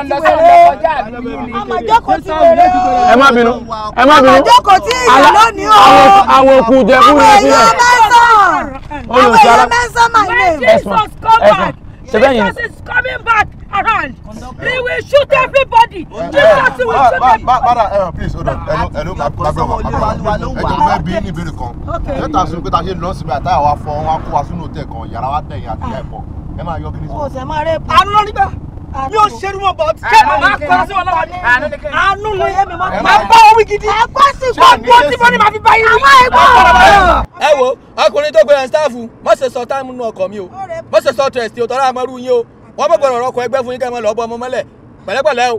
àmọ̀jọ́kọ̀ ti wèrè o. ẹ má bínú ẹ má bínú àmọ̀jọ́kọ̀ ti ìyá lónìí o. àwọn òkú jẹ fún mi sílẹ̀. àwọn èèyàn mẹ́sàn-án my name. Jesus come back Jesus is coming back around. They will shoot everybody. Jesus will shoot everybody. Bada, uh, please hold on. Hello, hello, my brother, my brother. Ẹ jọ fẹ́ bí ní ìbéèrè kan. Lẹ́tà sí pé ta ṣe lọ́sibẹ̀ àtàwọn afọ wọn kó wa sínú òtẹ̀ kan yàrá wa tẹ̀yìn àti ẹ̀kọ́ ẹ máa yọ kírísítì. ọ̀sẹ̀ máa rẹ àánú lọ nígbà mi ò ṣerú mọ bọ ṣé mo máa kọ́ sí wọn lọ́wọ́ ni àánú ló yẹ mi máa bá orí gidi ẹ̀kọ́ sí gbogbo tí mo ní máa fi bá yín rí. ẹ wo ọkùnrin tó gbẹrẹ sítáàfù mọ ṣe sọ táìmù nínú ọkọ mi o mọ ṣe sọ tẹrẹsì o tọ́lá àmọ́rú yín o wọ́n bọ̀ gbọ́dọ̀ ọkọ̀ ẹgbẹ́ fún yín kẹ́ mọ́ lọ́ọ́ bọ́ ọmọ mọ́lẹ̀ pẹ̀lẹ́pẹ̀lẹ́ o.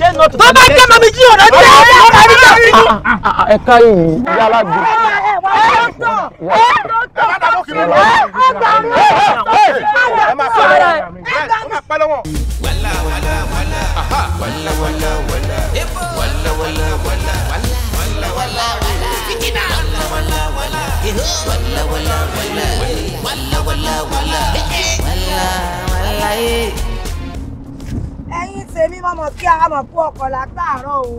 tó bá jẹ́ mami jí ọ̀rọ̀ jẹ́ ẹ̀ka yìí. ẹ̀ka yìí yálà bí. Walla walla walla, walla walla walla, walla walla walla ẹ̀yin tèmi mọ̀mọ́ kí a mọ̀ kó ọkọ̀ látàárọ̀ o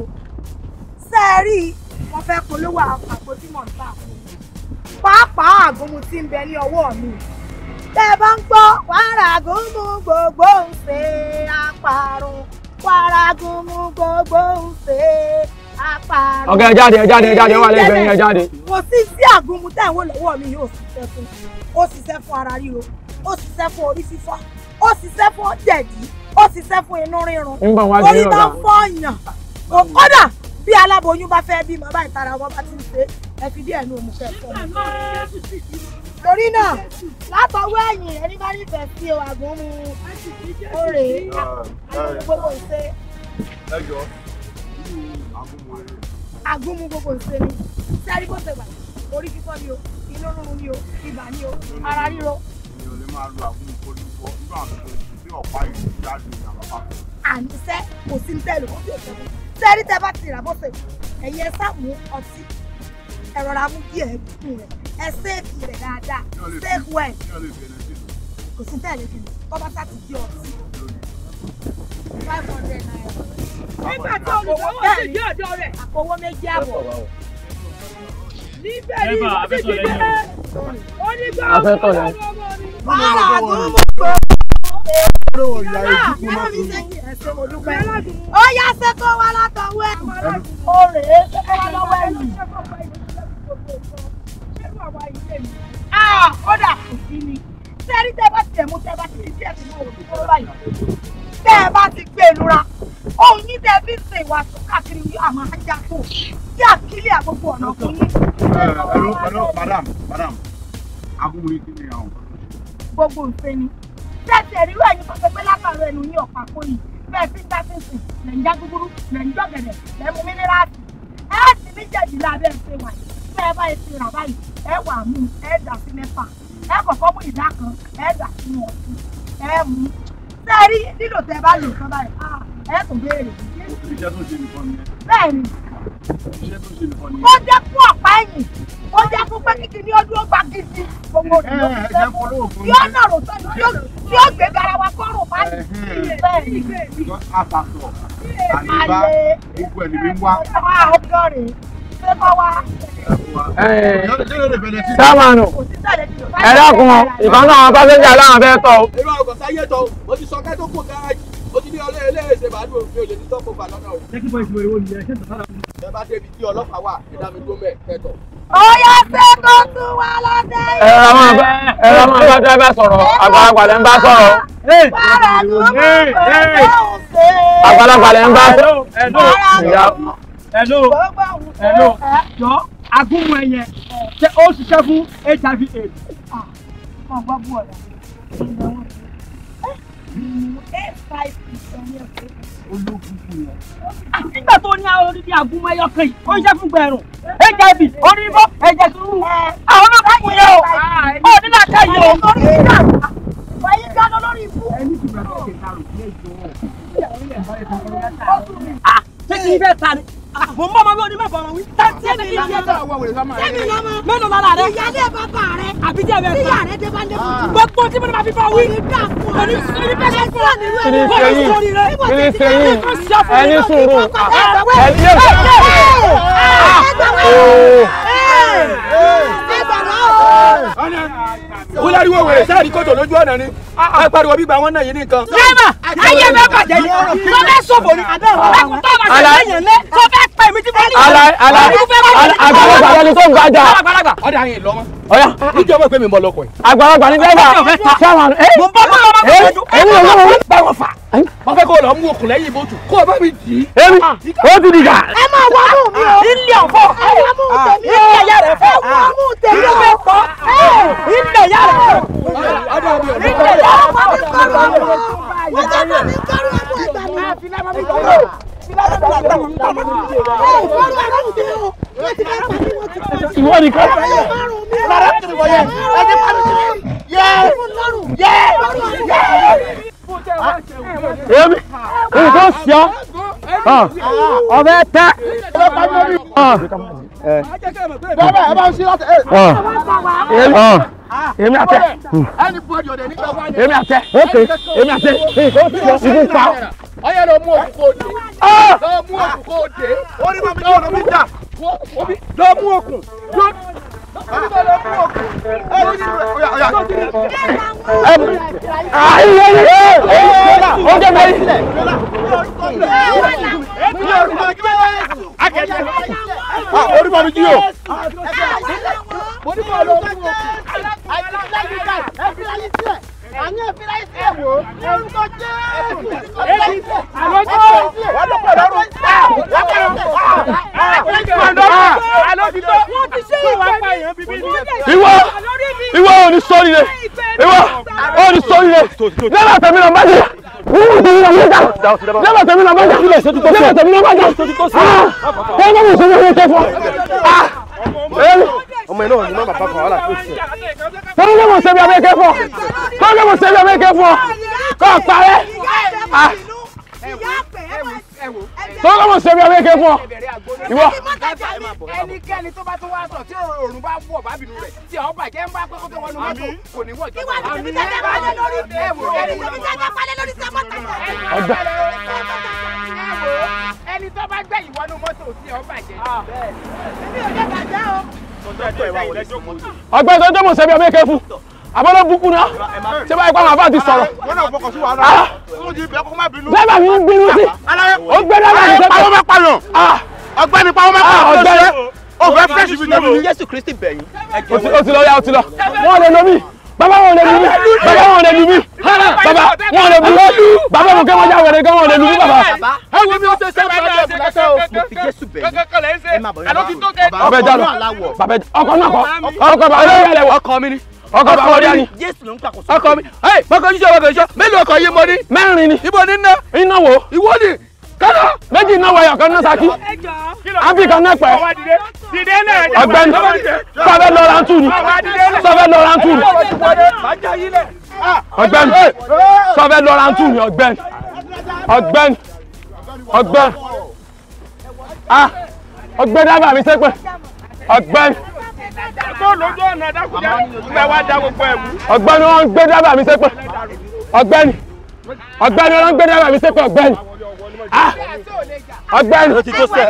ṣé ẹ rí polówó àpapọ̀ tí mò ń tà fún mi pàápàá àgúnmu tí ń bẹ ní ọwọ́ mi tẹ́ bá ń gbọ́ wàrà àgúnmu gbogbo ń ṣe àparun wàrà àgúnmu gbogbo ń ṣe àparun. ọ̀gá ẹ jáde ẹ jáde ẹ jáde wà lẹ́gbẹ̀ẹ́ yín jáde. kò sí sí àgúnmu tẹ́ ń wò lọ́wọ́ mi yóò ṣiṣẹ́ fún ó ṣiṣẹ́ fún ara ríro ó ṣiṣẹ́ fún orí fífọ́ ó ṣiṣẹ́ fún jẹ̀dí ó ṣiṣẹ́ fún inú rírun orí bá ń fọyàn kódà bí aláboyún bá fẹ́ bímọ bá ìtara wọn bá ti ń ṣe ẹ fi díẹ̀ ní òmùkẹ́ fún mi. torí náà látọwọ́ ẹ̀yìn ẹni bá nífẹ̀ẹ́ sí o àgùn ah, ah. mu orè gbogbo ìṣe. àgùn mu gbogbo ìṣe ni sẹ́rí bó ṣe wà orí fífọ́ ni o inú rúru ni o ibà ni o ara ríro. mi ò lè máa lo àgùn mu kó ní fọ́ nígbà tó ń bọ̀ ọ̀pá yìí dájú ní àwọn pápá. àmì iṣẹ́ kò sí ní tẹ́lẹ̀ wọ́n bí òṣèlú sẹ́rí tẹ́ bá ti rà bọ́sẹ̀ ẹ̀yẹ sáàmù ọtí ẹ̀rọ ra mú kí ẹ̀ kún rẹ̀ ẹ séèkì rẹ̀ dáadáa séèkì wẹ̀ kò sí tẹ́lẹ̀ kìnnì bọ́bá sá ti di ọtí five hundred naira. nígbà tí olùdókòwò sì dé ọ̀dọ̀ rẹ̀ àpòwọ́ méjì àbọ̀ níbẹ̀ ni wọ́n ti di bẹ́ẹ̀ onígbà ọ̀gbọ́n ọmọ mi. wàhálà àdúgbò ó yá ṣe tó wá látọwọ́ ẹ̀ ó rè é ṣe tó lọ́wọ́ ẹ̀ yìí. kò sí ni sẹ́rí tẹ́ bá tiẹ̀ mú tẹ́ bá ti rí díẹ̀ tó mọ̀ tó báyìí tẹ́ ẹ bá ti gbé lura òun ní tẹ́ fi ṣe ìwà tó káàkiri yóò àmọ́ ajá tó tí àkílì àgbogbo ọ̀nà fún yín. ẹ̀rọ ẹ̀rọ madam madam agunmu ni kí ni àwọn. gbogbo ìfẹ́ ni tẹ́tì ẹ̀rírú ẹ̀yin tó ṣe pé látàrọ ẹnu ní ọ̀pá kó yìí bẹ́ẹ̀ tí ń dá sínsìn lẹ̀ ń já gúgúrú lẹ̀ ń jọ̀gẹ̀dẹ̀ lẹ̀ ń mu mínírààtì ẹ̀ sì méjèèjì lábẹ́ ẹ̀ṣẹ̀ wà yìí bẹ́ẹ̀ báyìí ti rà báyìí ẹ̀ wà mú ẹ̀ dà sí mẹ́fà ẹ̀ kọ̀kọ́ mú ìdá kan ẹ̀ dà sínú ọtí ẹ̀ mú sẹ́ẹ̀rí lílò tẹ bá lò sọ́ba ẹ̀ ẹ̀ kò béèrè. bẹ́ẹ̀ ni ó jẹ́ fún ọ̀pá ẹ̀yìn ó jẹ́ fún pé kíkiri ọdún ó gba gidi gbogbo rẹ̀ ló fi é fún yóò nà rò sọ́dún yóò tí ó gbé gara wa kọ́rùn bá ti bẹ́ẹ̀ ni. àtàtọ̀ àyíká gbogbo ẹ̀ níbi ń wá. ọjọ́ rè é kọ́ wa. sáwọnù ẹ dákun ìkan náà pásẹ́ńjà aláwọn fẹ́ tọ́ o. irú ọkọ̀ sáyé tọ́ o ti sọ kẹ́tọ́ kó gáràjì o ti ní ọlẹ́ẹ̀lẹ́ẹ̀ṣẹ̀ bàálù òfin òjò ní tọ́pọ̀ bàlọ́nà o. jẹ́ kí ẹ bá débi tí ọlọ́pàá wà ẹ dá mi tó mẹ́ kẹtọ̀. ó yá ṣé kó tú wa lọ sẹ́yìn. ẹ̀rọ àwọn àgbà ẹ̀rọ àwọn àgbà dábà sọ̀rọ̀ àgbàlagbà lẹ́ ń bá sọ̀rọ̀. àgbàlagbà lẹ́ ń bá sọ̀rọ̀. ẹ̀lò ẹ̀lò ẹ̀lò jọ agúnmu ẹ̀yẹ ṣé ó ṣiṣẹ́ fún hiv aids. ọgbọ́n bú ọ̀la. hiv aids ló ní ẹ̀kọ́ ológun fún yẹn. nígbà tó ní àwọn orí bíi àgúnmọ ẹyọ kan yìí ó ń ṣe fún gbẹrùn hiv orí bọ ẹ̀jẹ̀ sùúrù àwọn ọlọ́pàá yìí o ó ní láti ẹyẹ o. wáyé dáná lórí ikú. ẹni tí bàbá ìṣèkà rò ní ìjọ ọ ṣé kí n bẹ́ẹ̀ ta ni mo mọ ọmọ mi ò ní bàbá ọmọ wí. tẹ́mi lọ́mọ tẹ́mi lọ́mọ mélòó lára rẹ. ìyáálé bàbá rẹ. àbí jẹ́ bẹ́ẹ̀ fún. ìyá rẹ débá lé gbogbo tí mo ní ma fi fọ wí. òní dà fún ọ. òní sori bẹ́ẹ̀ sọ fún ọ. òní sori rẹ. kiri sẹ́yìn ẹni sòrò ẹni yẹ. ẹgbẹ̀rún. ẹgbẹ̀rún kó láriwo wèrè sáà ní kòtò lójú ọ̀nà ni apariwo gbígba wọn náà yìí nìkan. lẹ́mọ̀ ayé bẹ́ẹ̀ bàjẹ́ yìí tó bẹ́ẹ̀ sọ̀bọ̀ ni ẹkùn tó bá ṣe lẹ́yìn lé tó bẹ́ẹ̀ pẹ̀mí tí wọ́n ní. àgbàlagbà ló tó ń gbàjà. àgbàlagbà ọ̀dà yẹn lọ́mọ ọ̀yá níjẹ́ ọmọ ìpè mi ń bọ̀ lọ́kọ̀ àgbàlagbà ni dẹ́gbà sáwọn ẹ mo bá bá lọ́wọ́ bá fẹ́ báwọn fà. wọ́n fẹ́ kó lọ mú okùn lẹ́yìn ìbòtù kó o bá mi jì í. èmi ó ti dìgbà. ẹ máa wá mú mi o. Ah. ilé ọ̀fọ́ ah. ilé ẹ̀yà rẹ̀ fọ́ mú tèmi o. ilé ẹ̀yà rẹ̀ fọ́ ilé ẹ̀yà rẹ̀ fọ́ ìwọ nìkan rárá èmi nǹkan sí ọbẹ tẹ. èmi àtẹ èmi àtẹ èmi èmi àtẹ ikú pa ọyẹ lọ mú òkú kò dé ah! lọ mú òkú kò dé orí mi mi jọ̀rọ̀ mi jà lọ mú òkú lọ lọ mú òkú ẹ lọ sí ọyà ọyà ẹ mú ayé yé ó jẹ mọ ilé. orí mi mi jí o. orí mi lọ mú òkú àyàn ìfira ìfẹ́ wo ẹni tó jẹ́ èyí àlọ́jọ́ wọ́n ló pọ̀ lọ́rùn tá wọ́n pọ̀ lọ́rùn àlọ́jọ́ wọ́n ti ṣe ìfẹ́ ìwọ ìwọ ò ní sọ́ọ́rì rẹ ìwọ ò ní sọ́ọ́rì rẹ lẹ́la tẹ̀mí náà má jẹ́ lẹ́la tẹ̀mí náà má jẹ́ lẹ́la tẹ̀mí náà má jẹ́ lẹ́la tẹ̀mí náà má jẹ́ wọ́n ní sọ́ọ́rì rẹ tẹ̀ fún ọmọ ah, ẹ̀ náà ni má bàbá kan wà láti ó ti sẹ́ torí lè mọ̀ ṣe bí abẹ́kẹ́ fún ọ torí lè mọ̀ ṣe bí abẹ́kẹ́ fún ọ kọ́ parẹ́ torí ah. lè mọ̀ ṣe bí abẹ́kẹ́ fún ọ ìwọ. ẹnikẹ́ni tó bá tó wá sọ tí òòrùn bá wọ̀ bábìnrin rẹ̀ tí àwọn bàjẹ́ ń bá pẹ́ kó tó wọnú mọ́tò kò ní wọ̀ jọba. ìwà ni tèmi tẹ́tẹ́ palẹ̀ lórí ẹni tèmi tẹ́tẹ́ palẹ̀ lórí sẹ́mọ́tà. ọ̀dà ẹni tó bá gbẹ̀yìn wọnú mọ́tò tí àwọn bàjẹ́. èmi ò lè bàjẹ́ o ọgbẹ́ tó jẹ́ mọ̀sẹ́bí ọmọ èké fún àbọ̀dọ̀ bukú náà ṣé báyìí pàmò àbá ti sọ̀rọ̀. dẹ́gbà ah! mi ń bínú sí ó gbé dẹ́gbà mi sẹ́gbà. ọgbẹ́ni pàwọ́ mẹ́pàlọ́ ọgbẹ́ni pàwọ́ mẹ́pàlọ́ ọgbẹ́ni o fẹ́ fẹ́ṣì fi débi. Jésù Kristi bẹ̀yìn. o ti lọ ya o ti lọ wọn ò lè lọ mí bàbá wọn ò lè lù mí bàbá wọn ò lè lù mí bàbá wọn lè bu bàbá mo kẹ́ wọn já wẹ̀rẹ̀ kẹ́ wọn lè lu bàbá. ẹ wo mi o ṣe ṣe bàbá ẹ ṣe ṣe mo fi jésù bẹ̀ ẹ má bọ̀ yẹn bàbá ọkọ náà láwọ̀ bàbá ọkọ náà kọ ọkọ bàbá ọlọ́yà lẹ̀ wọ̀ ọkọ mi ni ọkọ bàbá ọdẹ ni ọkọ mi ọkọ mi mélòó ọkọ yìí mo ní mẹ́rin ni ibo ní ná iná wo ìwọ ni kọ́nà méjì náà wọ̀yọ̀ kan náà saki ábì kan náà pẹ́ ọ̀gbẹ́ni sọ́fẹ́ lọ́ra ń tù ní sọ́fẹ́ lọ́ra ń tù ní ọ̀gbẹ́ni sọ́fẹ́ lọ́ra ń tù ní ọ̀gbẹ́ni ọ̀gbẹ́ni ọ̀gbẹ́ni ah ọ̀gbẹ́ni ábà mi sẹ́pẹ̀ ọ̀gbẹ́ni. ọ̀gbẹ́ni wọn ń gbé dábàá mi sẹ́pẹ̀ ọ̀gbẹ́ni ọ̀gbẹ́ni wọn ń gbé dábàá mi sẹ́pẹ̀ ọ̀gbẹ́ni. Ah! ọ̀gbẹ́ni ọ̀gbẹ́ni ah, mo ti ta ọ̀gá ọ̀gá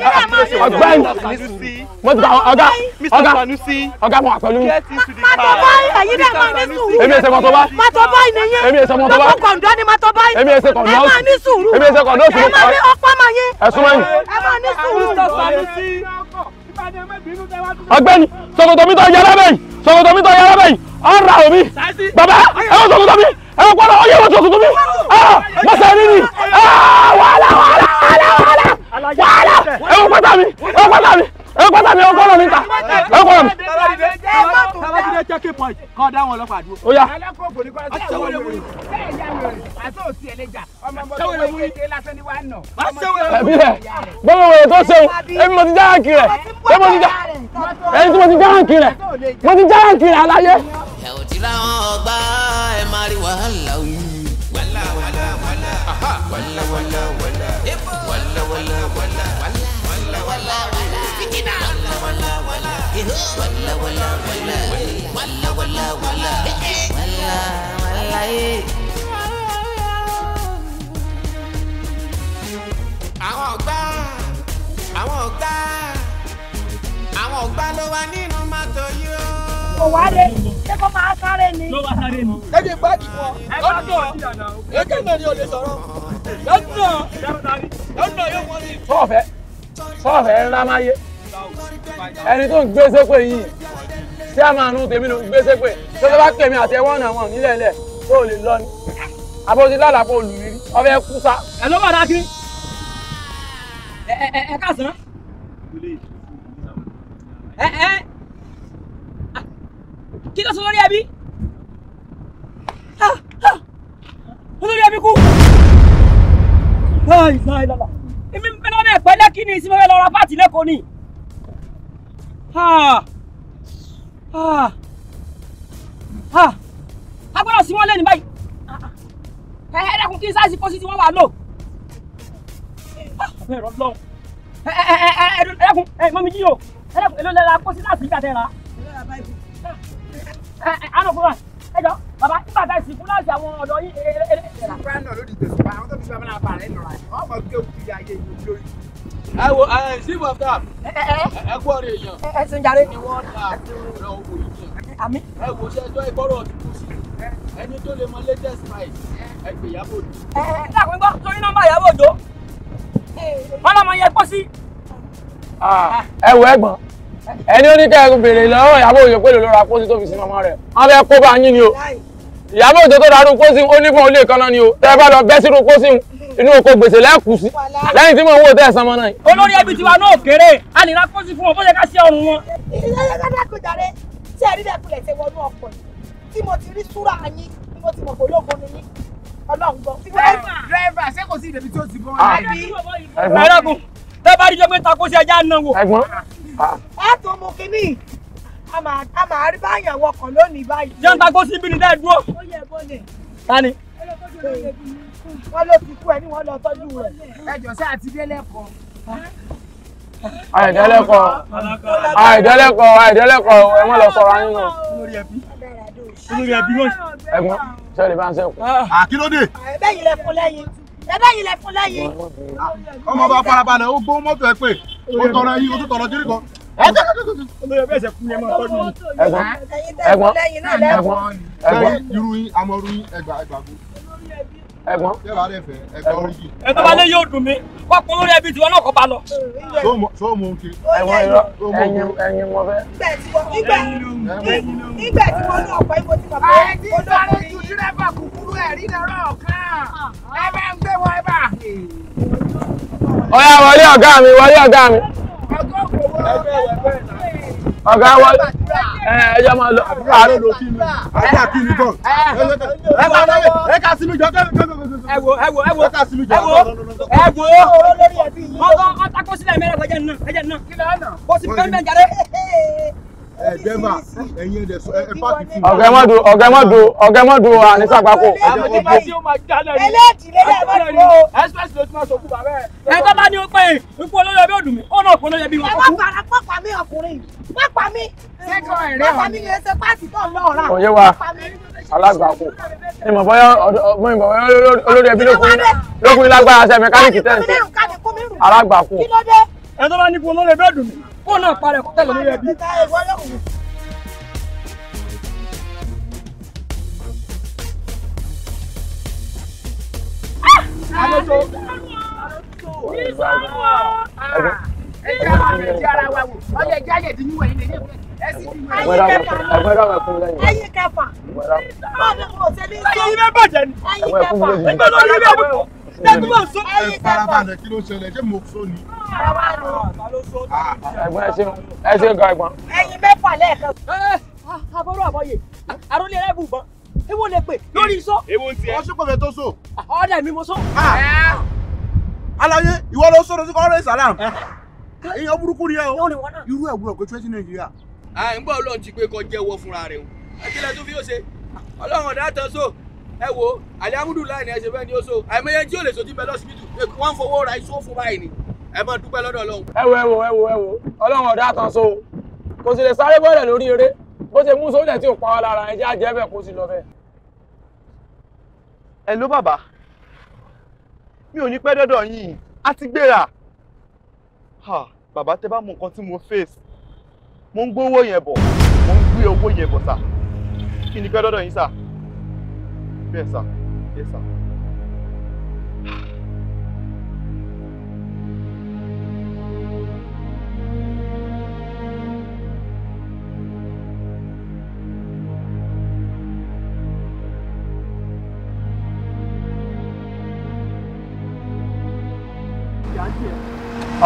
ọ̀gá mo wà pẹ̀lú. matobáyì ẹ̀yin dẹ̀ máa ní sùúrù. èmi ẹsẹ̀ mọ̀tọ́bá. matobáyì ni yẹn. èmi ẹsẹ̀ mọ̀tọ́bá. lọ́kọ̀ kọ̀ǹdọ́ ni matobáyì. èmi ẹsẹ̀ kọ̀ǹdọ́. ẹ máa ní sùúrù. èmi ẹsẹ̀ kọ̀ǹdọ́ sùúrù. ẹ máa ní ọ̀pá máa yé. ẹ̀sùn mẹ́rin. ẹ máa ní sùúrù. ọ̀gbẹ́ni ṣòkòtò mi tó yẹ lábẹ́ yìí ṣòkòtò mi tó yẹ lábẹ́ yìí ọ̀rà òmi bàbá ẹ ẹ̀rọ pọ́nà ọyẹ wọ́n tuntun mi wọ́n sẹ́ ní ni ah, wàhálà wàhálà wàhálà wàhálà ẹ̀rọ pátá mi ẹ̀rọ pátá mi ẹ̀rọ pátá mi ẹ̀rọ pọ́nà mi ta ẹ̀rọ pọ́nà mi. sábàtìlẹ̀ check in point kọ́ dá wọn lọ́pàá dúró. ó yá. ẹ̀bílẹ̀ bọ́lá wẹ̀rẹ̀ tó ṣeun ẹ̀mí mo ti já hànkì rẹ̀ ẹ̀mí mo ti já ẹ̀mí mo ti já hànkì rẹ̀ mo ti já hànkì rẹ̀ aláyé ẹ̀wọ̀n tí láwọn ọgbà ẹ̀ máa rí wàhálà o. wàhálà wàhálà wàhálà wàhálà wàhálà wàhálà wàhálà wàhálà wàhálà wàhálà wàhálà wàhálà fìkìdá wàhálà wàhálà wàhálà wàhálà wàhálà wàhálà wàhálà wàhálà wàhálà wàhálà wàhálà yé. àwọn ọgbà àwọn ọgbà àwọn ọgbà ló wà nínú mọ́tò yìí o kò wá lé ṣé kó máa sáré ni. ló wá sáré ni. ẹ jẹ́ gbádùn wọn. lọ́nà èké náà ni o lè sọ̀rọ̀ lọ́nà lọ́nà yóò wọ́n ní. sọ́ọ̀fẹ́ sọ́ọ̀fẹ́ ńlá máa yé ẹni tó ń gbé sépè yìí tí a máa nu tèmi nu gbé sépè tó tó bá kẹ̀mí àti ẹwọ́n náà wọn nílẹ̀ nílẹ̀ tó lè lọ ni àbójú lálàpọ̀ olùrírí ọbẹ̀ kú sa. ẹ ló bá dá kiri ẹ ẹ ẹ káàsán ẹ ẹ kí ló sọ lórí ẹbí olórí ẹbí kú èmi bẹ́ẹ̀ lọ́nà ẹ̀pẹ́ lẹ́kí ni ìsinmi lọ́ra pàtì lẹ́kọ̀ọ́ ni a gbọ́dọ̀ sí wọn lẹ́nu báyìí eh, eh, kí n sáà sí pósí tí wọ́n wà lò ẹ dákun ẹ mọ́mí jí o ẹ dákun èlò lẹ́la pósí láti ìgbà tẹ́ ra ànàkùnrin eh, eh, ẹ jọ bàbá nígbà tá a sì kú láti àwọn ọ̀dọ́ yín eléyìí rà. fúlàní náà ló di tẹ̀sán pa àwọn tó fi fẹ́ máa bà rẹ̀ nọ̀ra yìí wọ́n mọ̀ bí òkú ìyá ayé yìí lórí. ẹ wo ẹ ṣíbù ọ̀tá eh, ẹ kú ọ̀rẹ́ èèyàn ẹ ṣe ń jarí. ni wọ́n ta ọ̀rọ̀ owó yìí jẹ. ẹ wo ṣẹjọ́ ìkọ́rọ̀ ti kú sí ẹni tó lè mọ latest price ẹ gbé Ìyábọ̀ Òjó. ẹ ẹ dàgbọ́n gbọ́ torí nọ́mbà Ìyábọ̀ Òjó wọn lọ́mọ yẹ kó sí. Ah, ẹ wo ẹ̀gbọ́n ẹni ó ní kẹ́ẹ̀kú béèrè lọ́wọ́ ìyàwó òjò pé ló ra pósí tó fi sin mọ́mọ́ rẹ̀ wọ́n fẹ́ kó bá yín ni o ìyàwó òjò tó darú pósí ó nífọ̀n olè kan náà ni o tẹ́ bá lọ bẹ́ sínú pósí inú oko gbèsè lẹ́kùú sí lẹ́yìn tí mò ń wò tẹ́ ẹ̀sán mọ́ náà. olórí ẹbí tiwa náà kéré a lè ra pósí fún wọn bó ṣe ká sí ọrùn wọn. ìṣẹ́yẹ kádàkùn jàre tí ẹ̀rí dẹ̀kulẹ̀ ṣe wọnú ọkọ̀ tí mo ti rí súrà yín tí mo ti mọ̀ pé olóògùn ni yín ọlọ́run gbọ́. dírẹ́fà ṣé kò sí ìdèbí tí ó ti bọ́ ọ a tún mú kínní a máa rí báyàn wọkọ̀ lónìí báyìí. jẹun ta kó síbi ni dẹ́ dúró. ó yẹ bọ́lẹ̀. ta ni. wọ́n ló ti kú ẹ ní wọ́n lọ tọ́jú rẹ̀. ẹjọ́ sí àti délẹ́kọ̀ọ́. àìdẹ́lẹ́kọ̀ọ́ àìdẹ́lẹ́kọ̀ọ́ àìdẹ́lẹ́kọ̀ọ́ ẹ mọ́ lọ sọ̀rọ̀ ayé wọn. olórí ẹbí náà. ẹ̀gbọ́n sẹ́ni bá ń sẹ́kù. àkílódé. Ah, bẹ́ẹ̀ yìí lẹ fún lẹ́yìn ẹbẹ yìí lẹ fún lẹ́yìn. ọmọ bá farabalẹ̀ ó gbó mọ́tò ẹ pé ó tọrọ yìí ó tún tọrọ jírí kan. ẹ̀gbọ́n ẹ̀gbọ́n ẹ̀gbọ́n irú yín amọ̀rú yín ẹgbàá ẹgbàá ẹ̀gbọ́n. ẹ tó bá lé yóò dùn mí kọkùn lórí ẹbí tiwọn náà kọ bá lọ. tó mú un kí. ẹ̀wọ̀n irọ́ ẹyin ẹyin wọn fẹ́. nígbà nígbà tí mo ní ọ̀pọ̀ ìbò tí bàbá rẹ̀ ti sáré ju dírẹ́bà kúkúrú ẹ̀ rí lọ́rọ̀ kan ah. ẹ bá ń gbé wọn bá. ọ̀ya wọlé ọ̀gá mi wọlé ọ̀gá mi. ọgọ́ kò wọ́n ọgọ́ kò ọ̀gá wọ́n ẹ̀yọ́ máa lọ àárẹ̀ ló kí ni àárẹ̀ kí ni gan. ẹ ká sí mi jọ ẹ wo ẹ wo ẹ wo ẹ ká sí mi jọ ẹ wo ẹ wo ọkọ ọtakọ sílẹ̀ mẹ́rin ẹ̀jẹ̀ náà ẹ̀jẹ̀ náà kó sí pẹ́ńpẹ́ jáde dẹ́fà ẹ̀yin ẹ̀dẹ̀ ọ̀gá ẹ̀ mọ́ do ọ̀gá ẹ̀ mọ́ do ọ̀gá ẹ̀ mọ́ do ànísà pákó. àwọn ọmọdé bá ti ó máa jalè ní. eléyìí lélẹ̀ ẹ̀ bá ti wò. express ló ti máa sọkú bàbá ẹ̀. ẹ o pé ipò olóyè bí òdùnmí ó náà kó lóye bí wọn. ẹ para pápá mi ọkùnrin pápá mi. sẹ́kọ̀ ẹ̀rẹ́ ọ̀ pápá mi lè ṣe pàṣẹ tó ń lọ ọ̀la. òye wa alágbàkó ìmọ̀ bọ́yá olórí ẹbí lókùnrin lágbára ṣe mẹkáníìkì tẹ́ǹtì alágbàkó. kí ló dé? ẹ ní ipò olóyè bí òdùnmí kó náà parẹ́ kó tẹ̀lé lórí ẹbí. Ẹyin kẹfà. Ẹyin kẹfà. Ẹyin bẹ́ẹ̀ bàjẹ́ ni. Ẹyin kẹfà. Ẹgbẹ́ lórí ẹbí tẹ́tùmọ̀ sọ. ẹ farabalẹ̀ kí ló ṣẹlẹ̀ ṣé mo sọ ni. ẹ̀gbọ́n ẹ ṣeun ẹ ṣeun gan ẹ̀gbọ́n. ẹyin mẹ́fà lẹ́ẹ̀kan. àbọ̀rọ̀ so. ọ̀dà mi mo sọ. alaye ìwọ ló eh. ni ẹ o irú ẹ̀ wúrọ̀ pé twenty Nàìjíríà. à ń bọ̀ ọlọ́run ti pé kọjá ẹwọ́ fúnra rẹ̀ o àti ilẹ̀ tó fi yóò ṣe ọlọ́run ọ̀dà àtọ̀ so ẹ wo alihamudulilayi ni ẹ ṣe fẹ́ ni ó so àìmọye tí ó lè sojú bẹ lọ́sibítù wọ́n fowó ra iṣó fún báyìí ni ẹ máa dúpẹ́ lọ́dọ̀ ọlọ́run. ẹ wo ẹ wo ẹ wo ẹ wo ọlọ́run ọ̀dà tán so kò sì lè sáré bọ́ọ̀lẹ̀ lórí eré bó ṣe mú sóúnjẹ tí ò pa wá lára ẹjẹ́ àjẹ́ bẹ́ẹ̀ kó sì lọ bẹ́ẹ̀. ẹ ló bàbá mi ò ní pẹ́ dọ́dọ̀ yìí á ti gbéra bàbá tẹ bá mọ nǹkan tí mo face mo ń gbówó yẹn bọ̀ mo ń gbé owó yẹn bọ̀ sà kí ni pẹ́ dọ́dọ̀ yìí sà. Yes, sir. Yes, sir.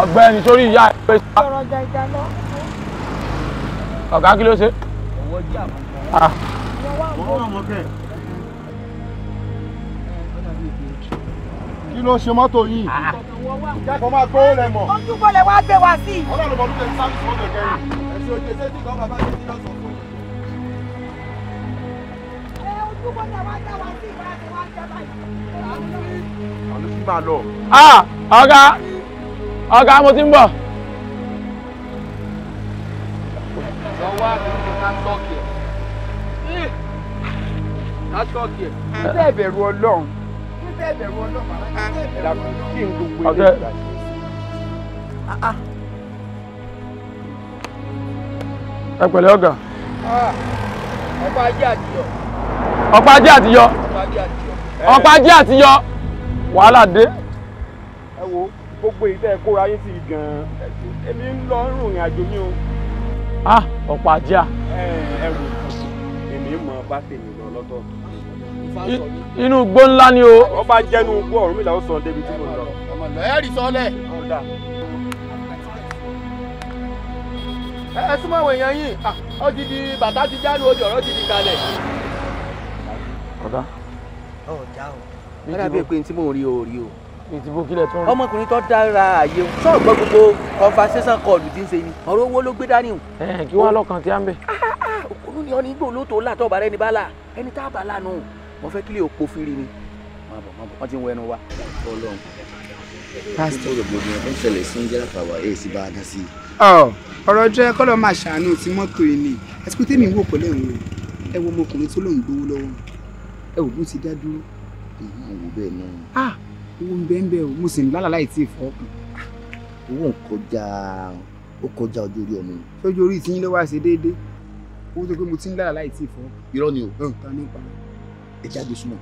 ọ̀gbẹ́ni torí ìyá ẹ pé sá. ọ̀gá kí ló ṣe. ọwọ́ jí àbùkù. ọwọ́ àbùkù. kí ló ṣe mọ́tò yìí kẹ́kọ̀ọ́ ah. máa kó rẹ̀ mọ̀. ó túbọ̀ lẹ̀ wá gbé wá sí i. ọlọ́run bọ̀ lóde sáfì fún ọ̀gẹ̀gẹ̀ yìí ẹ̀sìn òjò tí kan bàbá ti lọ sọ fún yìí. Ah, ọ̀gá ọ̀gá mo ti ń bọ̀. lọ wá àdúgbò ká sọ́ọ̀kì ẹ̀ ká sọ́ọ̀kì ẹ̀ ah ọ̀tẹ̀. ẹ pẹ̀lẹ́ ọ̀gá. ọ̀pá ajé àtijọ́. ọ̀pá ajé àtijọ́. ọ̀pá ajé àtijọ́. wàhálà dé. ẹ wo gbogbo ìtẹ́ kóra yín sí gan-an èmi ń lọ rìnrìn àjò mi o. Ah, ọ̀pá ajé à. ẹ ẹ wo èmi mọ bá tèmi lọ lọ́tọ̀ọ̀tọ̀ inú igbó ńlá ni o. wọ́n bá jẹ́nu igbó ọ̀run mi làwọn sọ débi tí mo lọ. ẹ̀rì sọlẹ̀. ẹ súnmọ́ àwọn èèyàn yìí ó ti di bàtà ti jáde ojú ọ̀rọ̀ ti di kalẹ̀. ọ̀dà. ọ̀dà o rárá bíi pé tí mò rí o rí o. ìdìbò kílẹ̀ tó ń. ọmọkùnrin tó dára àyè o sọ̀rọ̀ gbọ́ gbogbo conversation kọlù tí ń ṣe ni ọ̀rọ̀ owó ló gbé dání o. ẹ kí wọ́n lọ́kàn tí a ń bẹ̀. òkúrú ah, ah, ah, ni ọ ní gbòòló tó là là ẹni mo fẹ́ kílẹ̀ òpó fírí ni má bọ̀ má bọ̀ wọ́n ti ń wọ ẹnu wa. Ọlọ́run pásítọ̀ gbogbo ẹ ń ṣẹlẹ̀ sí ń jẹ́rà pàwọ́ èyí sì bá a dá sí i. ọ̀rọ̀ jẹ́ kọ́lọ́ máa ṣàánú tí mọ́tò yìí ni àti pé tèmi wò pẹ̀lú ẹ̀rù ẹ wo ọmọkùnrin tó lòún gbowó lọ́wọ́ ẹ ò dún ti dá dúró. èyí ò bẹ́ẹ̀ náà. a owó ń bẹ́ẹ̀ bẹ́ẹ̀ o mo sì ń lálàá láì tí ì fọ́ owó ń kọjá ó kọjá ojú orí ọmọ. sójú orí ìtìyín ló wá déédéé owó tó pé mo ti ń lálàá láì tí ì fọ́. irọ́ ni o ẹja gbé súnmọ́.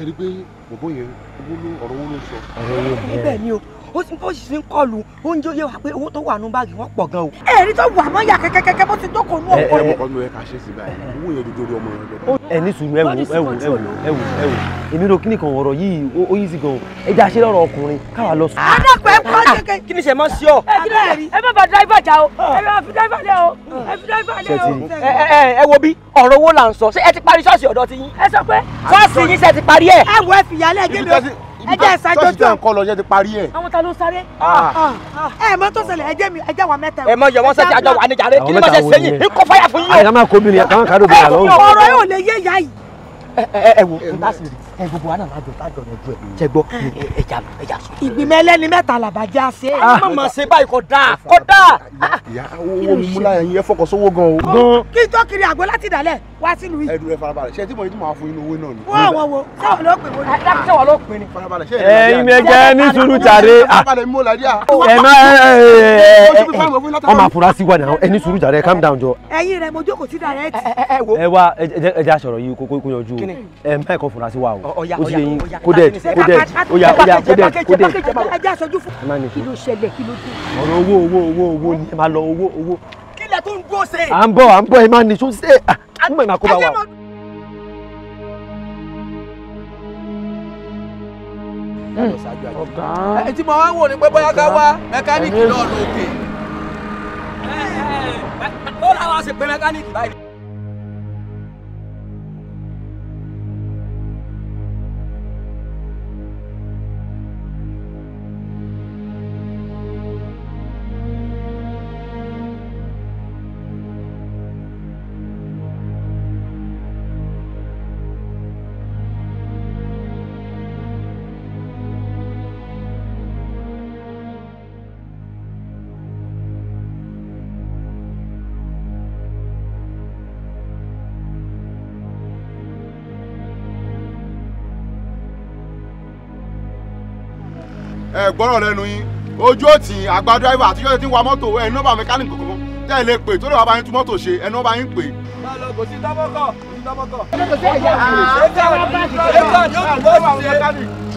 ẹ rí i pé bọ̀bọ̀ yẹn owó ló ọ̀rọ̀ owó ló sọ. ọ̀rọ̀ owó bẹ́ẹ̀ ni o ó sì bó sì fi ń kọlu oúnjẹ yẹ wá pé owó tó wà nù báàgì wọn pọ̀ gan o. ẹ̀rí tó wà mọ́ yà kẹ́kẹ́kẹ́kẹ́ bó ti dókòó nù ọkọ rẹ̀. ẹ ẹ ọkọ mi ẹ ká ṣe sí báyìí owó yẹn dodo ọmọ rẹ. ẹ ní sùúrù ẹ wò ẹ wò ẹ wò ẹ wò ẹ wò èmi ro kíni kan ọ̀rọ̀ yìí ó yí sí gan o ẹ jẹ́ àṣẹ lọ́rọ̀ ọkùnrin káwa lọ sùn. Ah! adakun ẹ kọ́ ah! kéke. kí ni sẹ mọ sí ọ. ẹ bá bá dráìvà já o ah! ẹ bá fi dráìvà lẹ o ẹ fi dráìvà lẹ o. ẹ ẹ ẹ wo bí ọ̀rọ̀ owó là ń sọ ṣé ẹ ti parí ṣọ́ọ̀ṣì ọ̀dọ̀ ti yín. ẹ sọ pé ṣọ́ọ̀ṣì yín ṣe ti parí ẹ̀. ẹ wọ ẹ fìyàlẹ̀ gẹ́gẹ́ ẹ jẹ́ ìsájọ́ tó ṣọ́ọ̀ṣì tẹ̀ ń kọ́ lọ yẹn ti parí ẹ̀. àwọn ta ló sáré. ẹ mọ tó ṣẹlẹ̀ ẹ mi ẹ jẹ́ wa ẹ mọ yẹ wọn sẹ́sẹ́ àjọ wà ní jàre kí ni mo ṣe sẹ́yìn n kò fáyà fún yín. àyàmá kò mí ni àtàwọn kàdó bẹ̀rẹ̀ lọ́wọ́. ọ̀rọ̀ yóò lè yé ìyá yìí. ẹ ẹ wo n ta sì rí ẹ gbogbo àná lájọ tájọ yanjú ẹ ṣe gbọ́ ẹjà ẹjà sọ. ìgbìmọ̀ ẹlẹ́ni mẹ́ta làbá já ṣe é má má ṣe báyìí kò dáa kò dáa. ìyá owó mi mú láyà yín ẹ fọkàn sówó gan o. gan. kí n tó kiri àgbo láti dàlẹ̀ wá sílùú yìí. ẹdùn rẹ farabalẹ̀ ṣe tí mo ní tí mo máa fún inú owó náà ni. wọ́n wọ́n wo sẹ́wọ̀n ló pè wọ́n. sẹ́wọ̀n ló pè ní. ẹ̀yin ẹgẹ ní sùúrù jàre. ẹ má ọ máa fura sí wa náà ẹ ní sùúrù jàre calm down jọ. ẹ̀yin rẹ mo jókòó sí dàrẹ ẹ ti. ẹ wá ẹ jẹ́ àṣọ̀rọ̀ yìí kó yanjú ẹ má ẹ̀kọ́ fura sí wa o ó ṣe yín kó dẹ̀ kó dẹ̀ ó yá ó yá kó dẹ̀ kó dẹ̀ kí ló ṣẹlẹ̀ kí ló dé. ọ̀rọ̀ owó owó owó owó ni ẹ máa lọ owó owó. kí lẹ tó ń gbó ṣe. à ń bọ̀ à ń bọ̀ ẹ máa nìṣó ṣe ah, é ń mọ̀ ẹ máa kó bá wa. Hmm. ẹ tí mo wá ń wò ní pé bóyá ká wá mẹkáníìkì náà lókè. bọ́lá wa ṣe pé mẹkáníìkì báyìí. ẹ gbọ́rọ̀ lẹ́nu yín ojú òtì àgbà dráìvà àtijọ́ ti ń wa mọ́tò ẹ̀ nọ́mbà mẹkáníìkì kankan tẹ́ ẹ lè pè tó lè wá bá yín tún mọ́tò ṣe ẹ̀ nọ́mbà yín pè. kò sí tọ́mọ́kọ̀ kò sí tọ́mọ́kọ̀.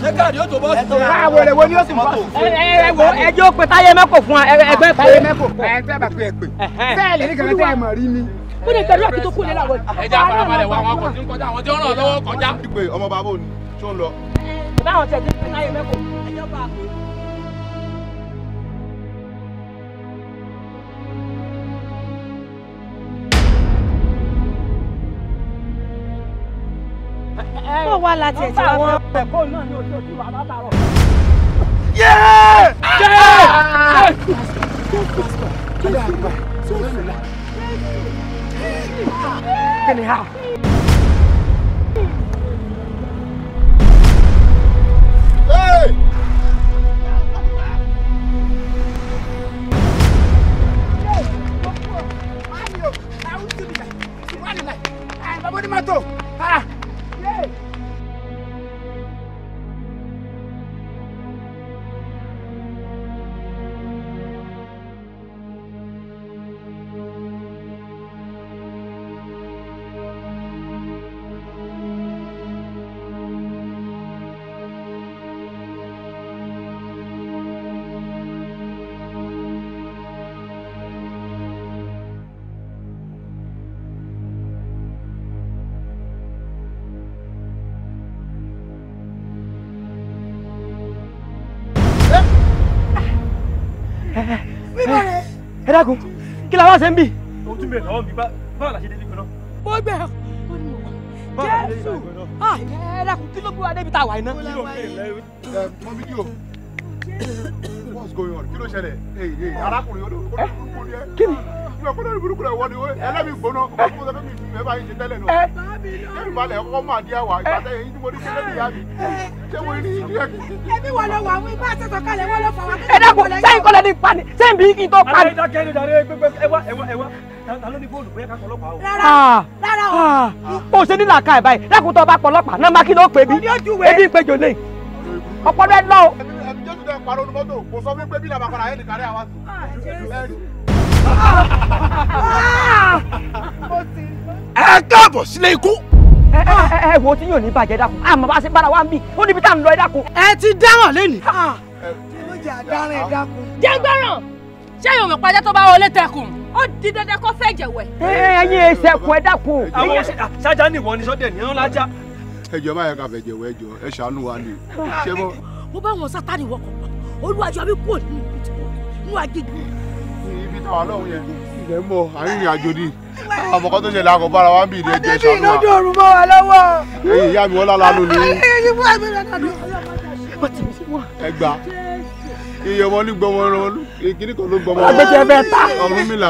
ṣékàdì yóò tó bọ́ọ̀sì tó yà. àwòrán wo ni yóò sì mọ́tò. ẹ wo ẹjọ́ pé táyé mẹ́kò fún wa ẹgbẹ́ pé. táyé mẹ́kò fún ẹ fẹ́ bá pé ẹ pè. bẹ́ẹ̀ lè ní kẹ̀kẹ́ tẹ́ ẹ mọ̀ rí ni. kó lè gbẹdúrà kí tó kú lé làwọn. ẹja farabalẹ̀ wa àwọn kò sí kọjá àwọn tí ó ràn lọ́wọ́ kọjá. ọmọ bàbá òní tó ń lọ. báwọn tẹ̀ sí táyé mẹ́kò. wá láti ẹ̀sìn wá fún. ẹ̀kọ́ náà ni ojú ojú bàbá bàrọ̀. yéé yéé. Kini ha? Hey! Hey! Ayo, ayo, ayo, ayo, ayo, ayo, ayo, ayo, ayo, ayo, ayo, ayo, dákun kí la wá ṣe ń bì. ohun tún bẹ̀rẹ̀ lọ́wọ́ mi báwo la ṣe délé gbọ́dọ̀. mo gbẹ jésù ah, ẹ dákun kí ló gbé wa débi tá a wà iná. what's going on kí ló ṣẹlẹ̀ arákùnrin olórúkọ ní burúkú ni ẹ kí ni ọkọ náà ní burúkú rẹ wọ ni ẹlẹ́mìí gbóná ọkọ tó sọ fún mi ẹ bá yín ṣe tẹ́lẹ̀ náà kẹ́mi balẹ̀ ọkọ máa di àwà ìgbà tẹ́yẹ yín tí mo rí kẹ́lẹ́ nìyá mi ṣé mo rí yín díẹ̀ kìí. ẹbí wọn lọ wà àwọn ibà àtẹ̀tọ̀ kalẹ̀ wọn lọ fà wá. ẹ dàpọ̀ sẹ́yìn kọ́lẹ̀ ní pani sẹ́yìn bí kì í tó pani. aláìsí dákẹ́ ni dàrẹ́ gbẹgbẹ ẹwà ẹwà ẹwà ta ló ní fóònù bóyá ká pọlọ́pàá o. rárá rárá o. o ṣe nílà ká ẹ̀ báyìí lẹ́kùn tó bá pọlọ́pàá náà má kí ló pè bí ebi ìpéjọ lẹ́yìn ọpọlọ ẹ lọ. ẹni jésù dẹ́ parọ́ ní mọ́tò kò sọ fún pé bí làbàkàrà ayé nìkan rẹ̀ àwa sùn. mo ti ẹ káàbọ̀ sílé ikú. ẹ ẹ ẹ wo tí yóò ní bàjẹ́ dákun àmọ́ bá a ṣe bára wa ń bì ó níbi tá à ń lọ ẹ dákun. ẹ ti dáràn lẹ́nu. jẹ́ gbọ́ràn ṣé yóò mọ̀ pàjẹ́ tó bá wọlé tẹkùn ó di dandan kó fẹ́ jẹ̀wẹ̀. ẹyin ìṣẹ̀kùn ẹ dákun. àwọn ṣáájá ní ìwọ ni sọ́dẹ̀ ní ọ̀n lájà. ẹ jọ máa yẹ ká fẹ́ jẹ̀wẹ̀ ẹ jọ ẹ ṣàánú wa ni. ṣé mo. mo bá wọn sátani wọkọ olúwàjọ mi kúrò nínú ìbí tí wọn nínú agídí. ibi táwọn ọlọ́run yẹn ilẹ̀ ń bọ̀ arìnrìn àjò ni àmọ̀kọ́ tó ṣẹlẹ̀ àkọ́bá ara wa ń bì ní ẹjọ́ ìṣàlùwà. àdébí ìlójú òrùn mọ́ wa lọ́wọ́. ẹ̀yin ìyá mi wọ́n lálá lónìí. ẹ gbà iye ọmọ ní gbọmọ ọmọ ìkíní kan ló gbọmọ àgbẹjẹ ẹgbẹ ta Ọ̀rúnmìlà.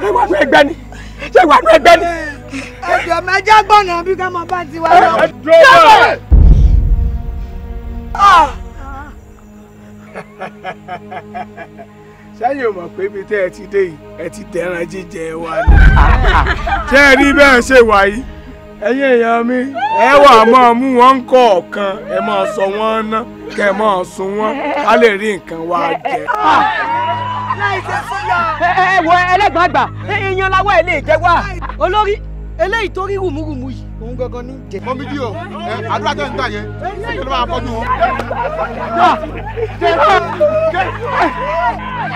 ṣé wàá fún ẹgbẹ ni ṣé wàá fún ẹgbẹ ni. ẹjọ mẹjọ gbọnà bí ká mọ bá ti wá lọ. jọ̀wọ́. ah. sẹ́yìn ò mọ̀ pé ibi tẹ́ ẹ ti dé yìí ẹ ti tẹ̀ran jíjẹ wa ni. ṣé ẹ rí bẹ́ẹ̀ ṣe wà yìí ẹ̀yin èèyàn mi ẹ wà máa mú wọn kọ̀ọ̀kan ẹ máa sọ wọn ná kẹ ẹ máa sun wọn ká lè rí nǹkan wa jẹ. ẹ wo ẹlẹ́gbọ̀n àgbà iyan lawọ́ ẹ lè jẹ wá olórí eléyìí tó rí rùmùrùmù yìí òun gangan ní jẹ. bí o àdúrà tó ń gbà yẹn kí ló máa fọdún o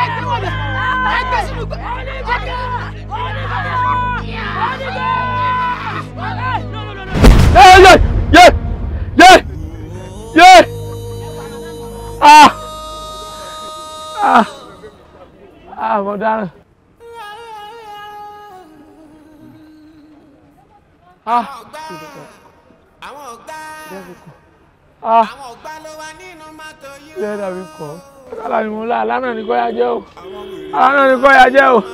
ẹgbẹ́ wọlé ẹgbẹ́ sínú gbẹ. yé yé yé yé ah ah ah mo dára. ah àwọn ọ̀gá ló wà nínú mọ́tò yìí kálá ni mo la àlá náà ní ya jẹ́ o àlá náà ní ya jẹ́ o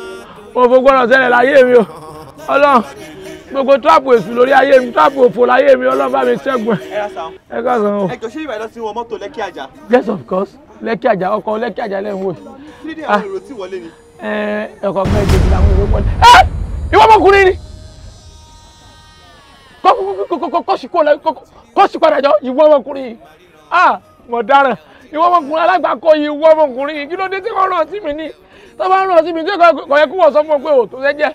mo fò gbọ́dọ̀ ṣẹlẹ̀ láyé mi o ọlọ́run gbogbo tíráàpù èṣù lórí ayé mi tíráàpù òfò láyé mi ọlọ́run bá mi ṣẹ́gun ẹ̀ ẹ kọ́ sàn o. ẹ jọ ṣé ìbàdàn ti wọ mọ́tò lẹ́kí àjà. yes of course lẹ́kí àjà ọkọ̀ lẹ́kí àjà lẹ́hìn wò. kí ni àwọn èrò tí wọlé ni. ẹ ẹkọ kan ìdèjì làwọn èrò wọlé. ẹ ìwọ ọmọkùnrin ni kọ́sì padà jọ ìwọ ọmọkùnrin ah mo dáràn ìwọ ọmọkùnrin alágbàkọ yìí wọ ọmọkùnrin yìí kí ló dé tí kò ràn sí mi ní tó bá ràn sí mi tí kò yẹ kó wọ sọ fún ọ pé ò tó fẹ́ jẹ́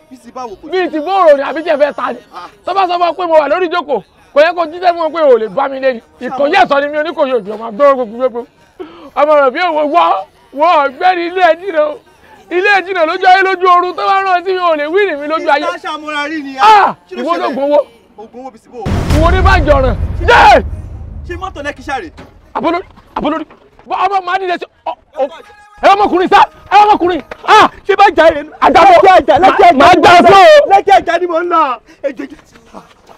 bíi ti bóòrò ni àbí jẹ́ fẹ́ ta ni ah. tó bá sọ fún ọ pé mo wà lórí ìjókòó kò yẹ kó jíjẹ́ fún ọ pé ò lè bá mi lé ni ìkòyí ẹ̀sọ́ ni mi oníkòyí òjò ọmọ gbọ́rọ̀ gbogbo ọmọ rẹ̀ bí òwò wọ́ wọ́ ọ̀gbẹ́ni ilé ẹ̀jì rẹ̀ o ilé ìjìnà lójú ayé lójú oorun tó bá rán sí mi ò lè wí nìmi lójú ayé. ìta ṣàmúra rí ni. Ah! Ah, ìwọ ló gbowó. ògùn owó bísí bò. ìwọ ní bá jọràn. ṣé mọ́tò lẹ́kíṣà rè. àbólórí àbólórí ọmọ màá dìde sí ẹ ọmọkùnrin sá ẹ ọmọkùnrin ah ṣé bá jà yẹn àdàbọ̀ màá jà sí o lẹ́kẹ̀ ẹ̀já ni mò ń lọ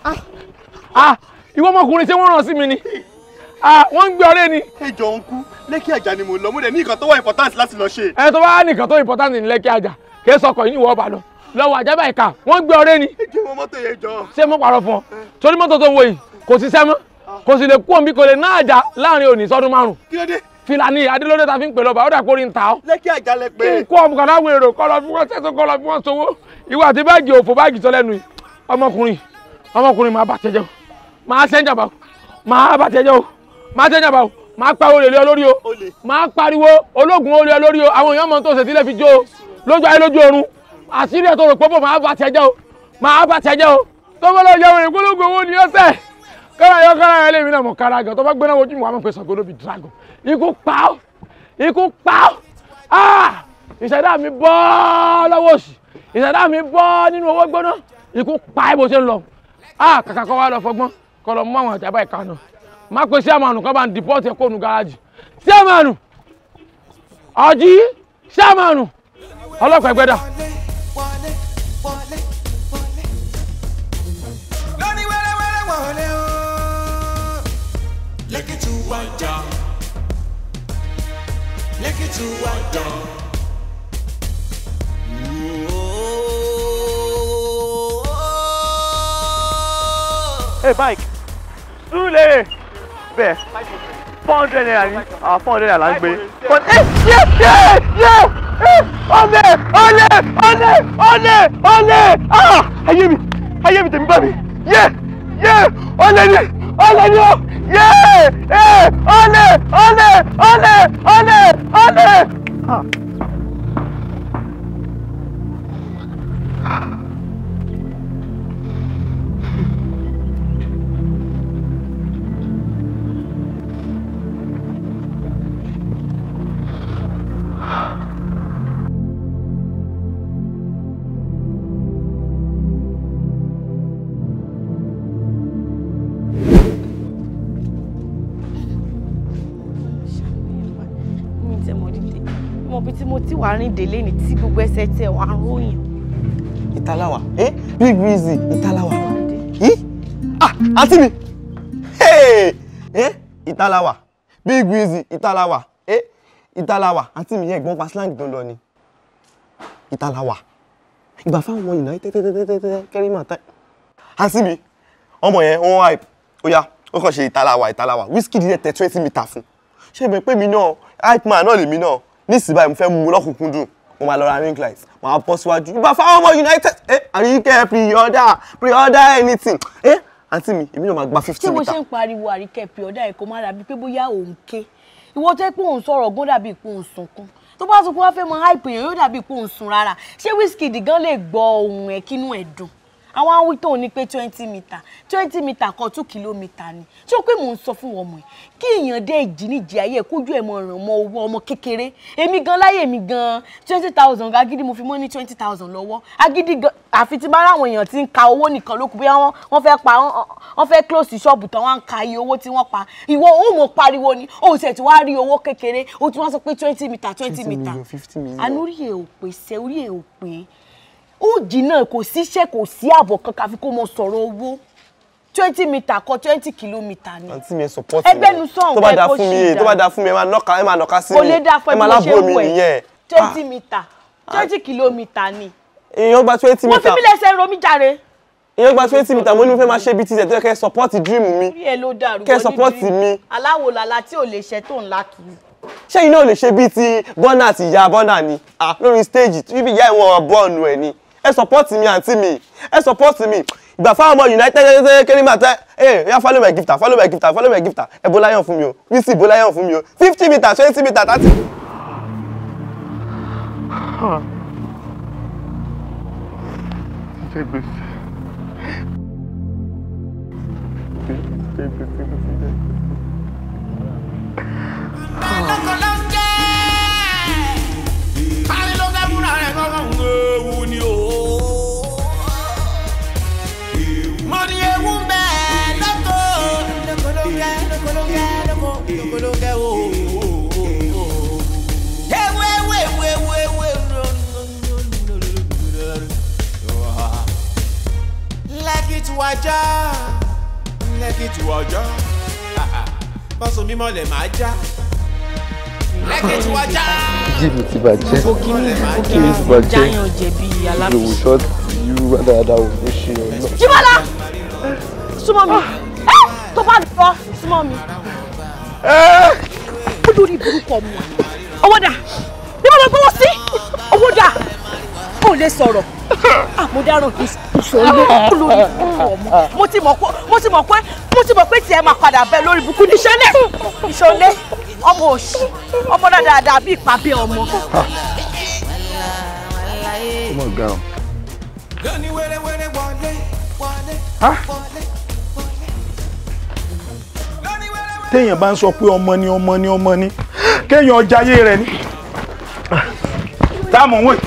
ah! ah ìwọ ọmọkùnrin ṣé wọ́n ràn sí mi ni ah wọ́n ń gbé ọ̀rẹ́ ni. ẹjọ ń kú lẹ́kẹ̀ ẹ̀já ni mò ń lọ mo dẹ̀ ní nǹkan tó wà important láti lọ ṣe. ẹ tó bá nìkan tó important ní lẹ́kẹ̀ ẹ̀já kì í sọkọ̀ yín ìwọ ọba lọ lọ́wọ́ àjábá ìka wọ́n ń gbé ọ̀rẹ́ ni. ṣé mo mọ́tò yẹn jọ. ṣé mo pàrọ̀ fún ọ torí mọ́tò tó wọ yìí kò sí sẹ́mọ́ kò sì lè kú òǹbí kò lè ná àjà láàrin òní sọ́dún márùn-ún. kí ló dé filani adilode ta fi ń pè lọ bá ó dà kó rí ń ta ọ. lẹ́kí àjálẹ̀ pé. kí n kó ọmọ kan láwọn èrò kọ́ lọ fún wọn sẹ́sọ kọ́ lọ fún wọn sowó ìwọ àti báàgì òfò báàgì sọ lẹ́nu yìí ọmọkùnrin ọmọkùnrin máa bàtẹ́ jẹ́ o máa sẹ́ńjà bá o máa bàtẹ́ jẹ́ o máa sẹ́ńjà bá o máa pariwo olè lé ọ o máa pariwo ológun olè ọ lórí o àwọn èèyàn mọ̀ tó ṣe sílẹ̀ fi jó o lójú ayé lójú ọ̀run àṣírí ẹ̀tọ́ òròpó máa bàtẹ́ jẹ́ o máa bàtẹ́ jẹ́ o tó ikú pa ọ́ ikú pa ọ́ ah! ìṣẹ̀dá mi bọ́ lọ́wọ́ òsì ìṣẹ̀dá mi bọ́ nínú owó gbóná ikú pa ẹ́ bó ṣe ń lọ ah! kàkà kọ́ wa lọ fọgbọ́n kọ́ lọ mú àwọn àjàbá ìkànnà má pe sí àmàlù kọ́ bá ń dìpọ́ọ̀tì ẹ̀kọ́ ònú gáràjì sí àmàlù ọ̀jì sí àmàlù ọlọ́pàá ẹgbẹ́dà. wọlé wọlé wọlé. Take it to a dog. Hey bike. Sule. Bẹ́ẹ̀. Four hundred naira ni. Ah four hundred naira la ń gbé. But ẹ yẹ yẹ yẹ ọlẹ ọlẹ ọlẹ ọlẹ ọlẹ ah hear me, ayé mi tèmi bá mi yeah, yẹ ọlẹ ni. olè ni o yéé ee olè olè olè olè olè. Ah. tí wàá rìn délé ní tí gbogbo ẹsẹ̀ tẹ wàá ròyìn. ìtaláwa ẹ big breezy ìtaláwa yìí ah àǹtí mi ẹ ìtaláwa big breezy ìtaláwa ẹ ìtaláwa àǹtí mi yẹn ìgbọ́n pa slang tó lọ ni ìtaláwa ìgbà fáwọn ìnáyí tẹ́tẹ́tẹ́tẹ́tẹ́ kẹ́rí máa tẹ́ àǹtí mi ọmọ yẹn ó hype ó yá ó kàn ṣe ìtaláwa ìtaláwa wíṣkì díẹ̀ tẹ twenty mítà fún ṣé ìbẹ̀ pé mi náà hype man náà lèmi náà ní ìsìnbá yìí mo fẹ́ mú lọ́kùnkún dùn mo máa lọ ra ring light mo máa bọ́ síwájú ìbá fáwọn ọmọ united eh, ẹ àríkẹ́ pre-order pre-order anything ẹ eh, àǹtí mi èmi náà máa gba fifty litre. tí mo ṣe ń pariwo àríkẹ́ pre-order ẹ̀ kó má dàbí pé bóyá òun ké ìwọ jẹ́ pé òun sọ̀rọ̀ gún dàbí pé òun sunkún tó bá sunkún wá fẹ́ mọ hype èèyàn yóò dàbí pé òun sun ṣé Wizkid gan lè gbọ́ ohùn ẹ̀ kínú ẹ̀ dùn àwọn àwọn wító ní pé twenty meter twenty meter kan two kilometer ni tí ó pé mò ń sọ fún ọmọ ẹ kí èèyàn dé ìjíníjì ayé kójú ẹ̀ mọ ọ̀ràn mọ owó ọmọ kékeré èmi gan láyè mi gan twenty thousand Agidi mo fi mọ́ ní twenty thousand lọ́wọ́ Agidi gan àfi tí bá ráwọn èèyàn ti ń ka owó nìkan lókun bí wọ́n fẹ́ pa wọ́n fẹ́ close ṣọ́ọ̀bù tán wọ́n á ń ka iye owó tí wọ́n pa ìwọ ó mọ̀ pariwo ni ó sì ti wá rí owó kékeré ó ti wọ́n sọ pé twenty meter twenty meter àná orí ẹ̀ ò pèsè orí ẹ̀ ò pè ùjì náà kò síṣẹ́ kò sí ààbọ̀ kan káfí kó mọ sọ̀rọ̀ owó twenty meter kọ twenty kilometer ni. àǹtí mi ẹ support mi ẹgbẹ́ nu sọ̀hún tó bá da fún mi tó bá da fún mi ẹ máa nọ́ka ẹ máa nọ́ka sí mi ẹ bí mo ṣe wù twenty meter ah. twenty kilometer ni. èèyàn gba twenty meter wọ́n fi mí lẹ́sẹ̀ romi jàre ìyẹn gba twenty meter mo ní mo fẹ́ máa ṣe bíi tizẹ̀ tó yẹ kẹ́ support dream mi kẹ́ support mi. aláwo làlá tí ò lè ṣe tó ń la kiri. ṣé iná ò lè ṣe bíi ti bọ́nà àti ìyá bọ́nà ni ah, lórí stage tí ìyá ìwọ̀n bọ́ọ̀nù ẹ̀ ni ẹ support mi àǹtí mi ẹ support mi ìgbà fáwọn ọmọ united ṣẹṣẹ kéré máa tẹ ẹ yá follow my gifter follow my gifter follow my gifter ẹ bó láyọ̀ fún mi o wíìsì bó láyọ̀ fún mi o fifty meter twenty meter thirty. ṣe ìpolongo wo. lẹ́kìtì wájà lẹ́kìtì wájà bọ́sùn mímọ́ lẹ̀ máa já lẹ́kìtì wájà jíìmù ti bàjẹ́ jíìmù ti bàjẹ́ ìlòwò ṣọ́ọ̀tì irú dáadáa ò ló ṣe ọ̀nà. jíbọ́lá súnmọ́ mi ah. eh! tó bá dùn ọ́ súnmọ́ mi ó eh! lórí burúkú ọmọ ọwọ́ dà ní bàbá gbọ́wọ́ sí ọwọ́ dà ó lè sọ̀rọ̀ àmúdáràn ah, ìṣòro olórí burúkú ọmọ mo ti mọ̀ pé mo ti mọ̀ pé mo ti mọ̀ pé tiẹ̀ máa padà bẹ́ẹ̀ lórí burúkú níṣẹ́lẹ̀ ìṣọ̀lẹ̀ ọmọ òṣì ọmọ dáadáa bíi ìpàbí ọmọ. ọmọ ìgbà ọ téèyàn bá ń sọ pé ọmọ ni ọmọ ni ọmọ ni kéèyàn ọjà ayé rẹ ni. táàmù wẹ̀.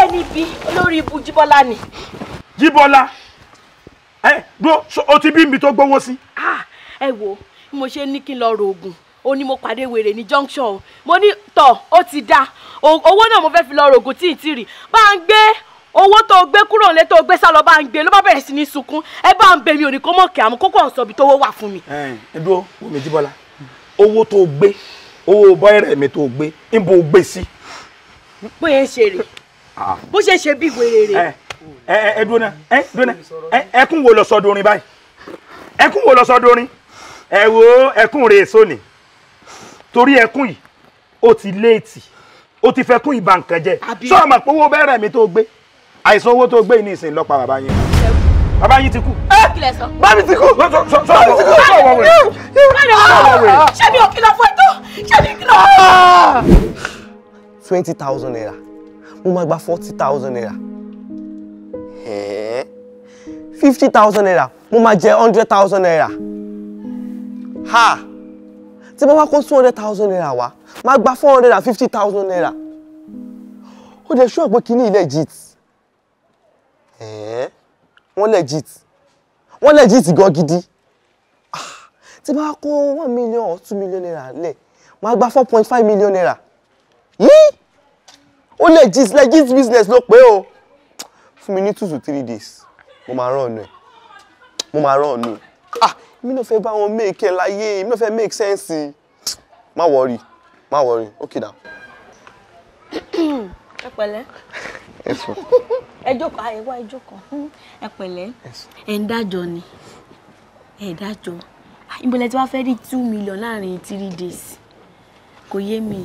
ẹni bí olórí ibu jíbọ́lá ni. jíbọ́lá ẹ dúró o ti bí mi tó gbowó sí. ẹ wo mo ṣe ní kí n lọ rògùn ó ní mo pàdé wèrè ní junction mo ní tọ ó ti dá owó náà mo fẹ́ fi lọ rògùn tí ì tì rì bá ń gbé owó tó gbé kúrò nílé tó gbé sá lọ bá ń gbé ló bá bẹ̀rẹ̀ sí ní sunkún ẹ bá ń bẹ mi ò ní kó mọ̀ kí àmú kókó ọ̀sọ̀ bí tówó wà fún mi. ẹ dúró wò mí jíbọ́lá owó tó gbé owó bọ́ẹ̀rẹ̀ mi tó gbé ń bo gbé sí. bóyá ń ṣe rè ah. bó ṣe ṣe bí wèrè rè. ẹ ẹ ẹ dúró náà ẹ dúró náà ẹ ẹkún wo lọ sọ dorin báyìí ẹkún wo lọ sọ dorin ẹ wo ẹkún rè sóni torí ẹkún yìí ó ti léètì ó ti fẹ́ kún ìbànkàn sọ àìsàn owó tó gbé yìí ní ìsìn ló pa bàbá yín bàbá yín ti kú. bámi ti kú bámi ti kú sọ wọ wẹ. Ah! ṣé mi ò kìlọ̀ fún ẹ tó ṣé mi kìlọ̀. twenty thousand naira mo máa gba forty thousand naira fifty thousand naira mo máa jẹ hundred thousand naira ha tí mo bá kó two hundred thousand naira wá máa gba four hundred and fifty thousand naira ó dẹ̀ ṣúọ̀ pé kínní ilẹ̀ jìtì. Eh, wọ́n legit wọ́n legit gan gidi ah, tí bá kó one million or two million naira lẹ̀ wọ́n gba four point five million naira yìí ó legit legit business ló pé o fún mi ní two to three days mo máa rán ọ̀nà ẹ̀ mo máa rán ọ̀nà ẹ̀ ah mi náà fẹ́ bá wọn make ẹ̀ láyé mi náà fẹ́ make sense má wọrí má wọrí ó kìdá. ẹ pẹ̀lẹ́. ẹ sọ. ẹjọ́ kan àyẹ̀wò ẹjọ́ kan ẹ pẹ̀lẹ́ ẹ̀ ń dájọ́ ni ẹ̀ dájọ́ ìbọ̀lẹ̀ tí wàá fẹ́ rí two million láàrin three days kò yé mi.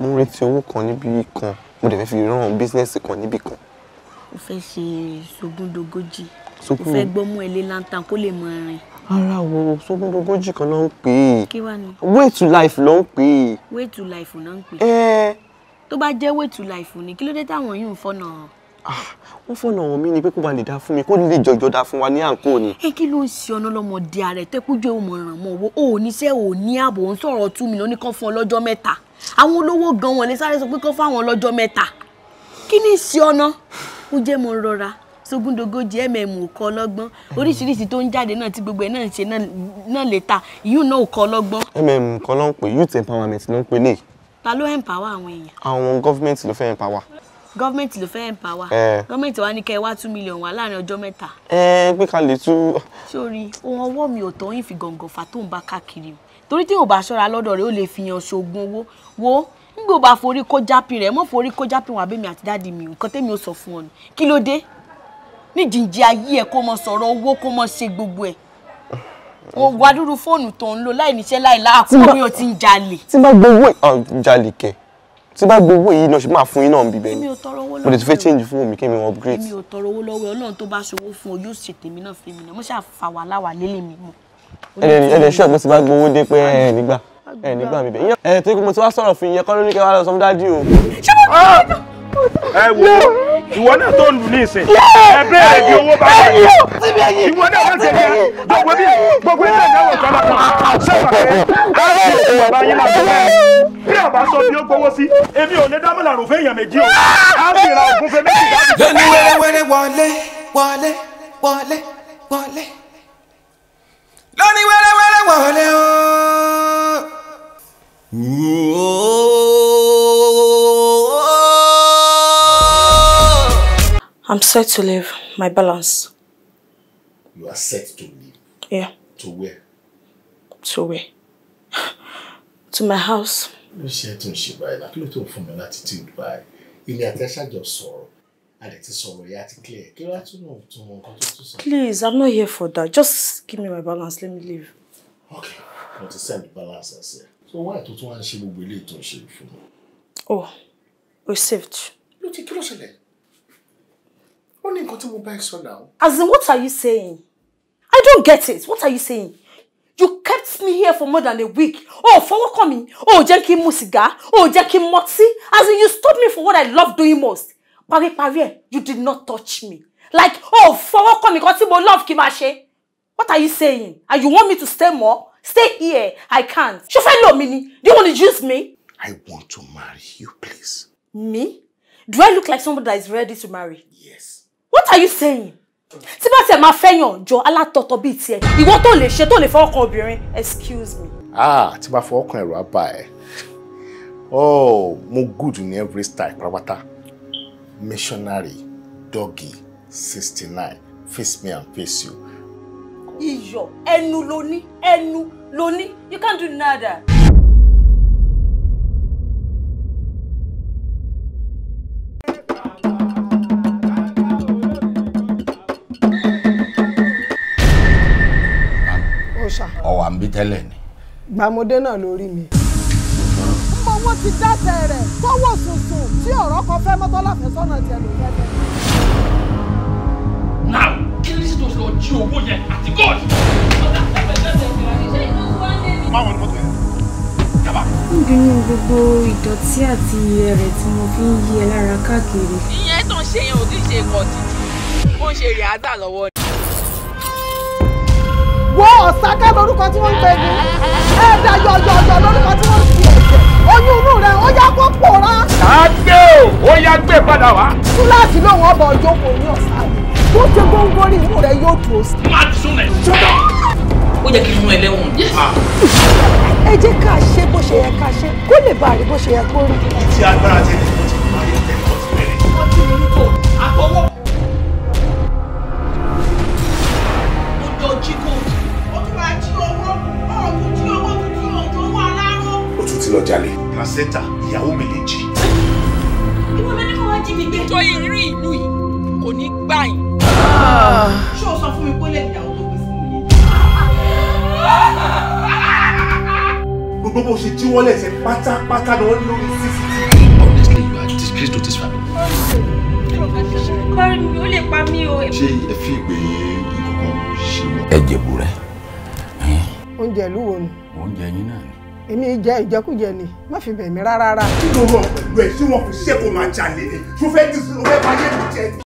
mo retí owó kan níbí kan mo dẹ̀ fẹ́ fi ràn bísínẹ́sì kan níbí kan. mo fẹ́ ṣe sógúndogójì mo fẹ́ gbọ́mú ẹ̀ lé lantan kó lè mọ ẹrin ara wo sógúndogójì kan ló ń pè é way to life ló ń pè é. way to life ló ń pè é tó bá jẹ́ way to life ni kí ló dé táwọn yìí ń fọ́nà ah, wọ́n fọ̀nà àwọn mi ni pé kó ba lè dá fún mi kó lè jọjọ dá fún wa ní àǹkó ni. ẹ kí ló ń ṣe ọ̀nà lọ́mọdé ààrẹ tẹ́kújọ́ ò mọ̀ ràn mọ́ owó ò níṣẹ́ ò ní ààbò ń sọ̀rọ̀ tú mi lóní kan fún ọlọ́jọ́ mẹ́ta àwọn olówó gan wọn lè sáré sọ pé kán fáwọn ọlọ́jọ́ mẹ́ta kí ni ṣe ọ̀nà ó jẹ́ mo rọra sógúndogójì mm ò kọ́ oríṣiríṣi tó ń jáde náà tí gbogbo ẹ̀ náà ń ṣe náà lè ta ìyún náà ò kọ́ mm kọ́ ló ń pè youth empowerment ló ń pè léyìí ta ló empower àwọn èèyàn. àwọn government ló fẹ́ empower. government ló fẹ́ empower. Eh. government wa ní kẹ́ ẹ wá two million wá láàrin ọjọ́ mẹ́ta. ẹ eh, pé ká lè tú. sórí ohun ọwọ́ mi ò tọ́ yín fi gàngàn fà tó ń bá káàkiri o torí tí ò bá ṣọ́ra lọ́dọ̀ rẹ̀ ó lè fi hàn ṣoògùn owó wo nígbà bá forí kó jápin rẹ̀ mọ́ forí kó jápin wà bẹ́mi àti dáàdi mi nǹkan tẹ́mi ò sọ fún ọ kí ló dé ní jìnjìn ayé ẹ kó mọ sọ̀rọ̀ owó kó mọ ṣe gbogbo ẹ̀ mo wá dúró fóònù tó ń lò láì níṣẹ́ láì láàkúrò bí o ti ń jalè. tí bá gbowó jalè kẹ tí bá gbowó yìí náà ṣe máa fún yín náà bíbẹ ni mo lè ti fẹ́ change fún mi kí mi upgrade. èmi ò tọrọ owó lọ́wọ́ ọlọ́run tó bá ṣòwò fún ọ yóò ṣètè mi náà fún mi náà mo ṣáà fà wà láwà lélẹ̀ mi mọ́. ẹnlẹ ṣọ́ọ̀ pé tí bá gbowó dé pé ẹ nígbà ẹ nígbà bíbẹ ẹ tó kí mo ti wá sọ̀rọ̀ fún yín ẹ kọ́ ló ní kẹ́ wá lọ sọ fún dájú o. ṣé mo bí i ẹ wò ó ìwọ náà tó ń lù ní ìsìn ẹ bẹ́ẹ̀ di owó bá wà yìí ìwọ náà wọ́n ti rí ẹ gbogbo bí gbogbo ilé ìdáwọ̀ ìjọba kan sábà pé káàkiri ìwọ bá yín máa tó bẹ́ẹ̀ bí ọba sọ bí ó gbowó sí èmi ò ní dámọ̀lá rò fún èèyàn méjì o á sì ra ògùn fún méjì dájú. lónìí wẹ́rẹ́wẹ́rẹ́ wọlé wọlé wọlé wọlé lónìí wẹ́rẹ́wẹ́rẹ́ wọlé ooo. I'm set to leave. My balance. You are set to leave? Yeah. To where? To where? to my house. Ló ṣe tó ń ṣe báyìí náà kí ló tó ń fún mi latitude báyìí? Èmi àti Aisha jọ sọ̀rọ̀. A lè ti sọ̀rọ̀ clear. Can you tún náà tún mọ nǹkan tó tún Please, I'm not here for that. Just give me my balance. Let me leave. Okay, mo to send the balance ẹsẹ̀. So why do you want ń ṣe gbogbo ilé ìtọ́ṣe Oh, received. You ti kí ló ó ní nǹkan tí mo bá ẹ as in what are you saying i don't get it what are you saying you kept me here for more than a week oh, fọwọ́ coming. oh, jẹ́ Musiga. oh, jẹ́ Motsi. as in you stopped me for what i love doing most Pari, ẹ you did not touch me like oh, fọwọ́ coming. mí kan tí love kí what are you saying and you want me to stay more stay here i can't ṣé fẹ́ lò do you want to use me. i want to marry you please. me do i look like somebody that is ready to marry. yes what are you saying tí bá tiẹ̀ máa fẹ́yàn jọ alátọ̀tọ̀ bíi tiẹ̀ ìwọ to le ṣe to le fọwọ́ kan obìnrin excuse me. ah tí bá fọwọ́ kan ẹ̀rọ abá ẹ̀ oh mo good ní every style pátápátá missionary doggy sixty nine face me and face you. iyọ̀ ẹnu ló ní ẹnu ló ní you can't do nada. wà ń bí tẹ́lẹ̀ ni. gbàmọdé náà ló rí mi. gbogbo ti dáṣẹ rẹ tọwọ sùnsùn tí ọ̀rọ̀ kan fẹ́ mọ́tò láfẹsọnà tiẹ̀ ló fẹ́ fẹ́. now kí ni sí tó ṣe lọ jí owó yẹn àti gold. níbi ní gbogbo ìdọ̀tí àti iye rẹ̀ tí mo fi ń yí ẹ lára káàkiri. ìyẹn tó ń ṣe yẹn ò tí ì ṣe ìkọ̀ bó ń ṣe rìádà lọ́wọ́ ni wo ọ̀sákẹ́ lórúkọ tí wọ́n ń gbẹ̀gì ẹ̀ẹ́dà yọ̀yọ̀yọ̀ lórúkọ tí wọ́n ń fi ẹ̀jẹ̀ oyún inú rẹ̀ ó yá kó pòórá. ṣáàgbé o ó yá gbé padà wá. túláàsì lòun ọbọ̀ ìjókòó ní ọ̀sán tó ṣe góńgóri inú rẹ̀ yóò tó sí. má ti sún rẹ̀ jọ́dọ̀. ó yẹ kí n mú ẹlẹ́wọ̀n. Ah. ẹ jẹ́ ká ṣe bó ṣe yẹ ká ṣe kó lè bá rí bó ṣe yẹ kó rí. ti agbára ti máa yẹ lọ jalè. placenta ìyàwó mi lè jí. ìwọ ló ní kó wá jí mi gbé. tó ìrírí ìlú yìí kò ní gbà yín. ṣé o sọ fún mi pé lẹ́yìn ìyàwó tó gbé fún mi yẹn. gbogbo bó ṣe jí wọlé ẹsẹ pátápátá ni wọn ní lórí cctv. honestly you are disgrace to this family. báyìí mi ò lè pa mí o. ṣé ẹ fi ìgbé ìkọ̀kọ̀ ṣe wọ́n. ẹ jẹ̀bù rẹ̀. oúnjẹ ìlú wo ni. oúnjẹ yín náà ni èmi jẹ ìjẹkújẹ ni má fi bẹ̀ mí rárá. kí ló rọrùn pẹ̀lú ẹ ṣé wọn fi ṣé kó máa jalè ni tó fẹ́ dín sí ló fẹ́ báyé mi jẹ ni.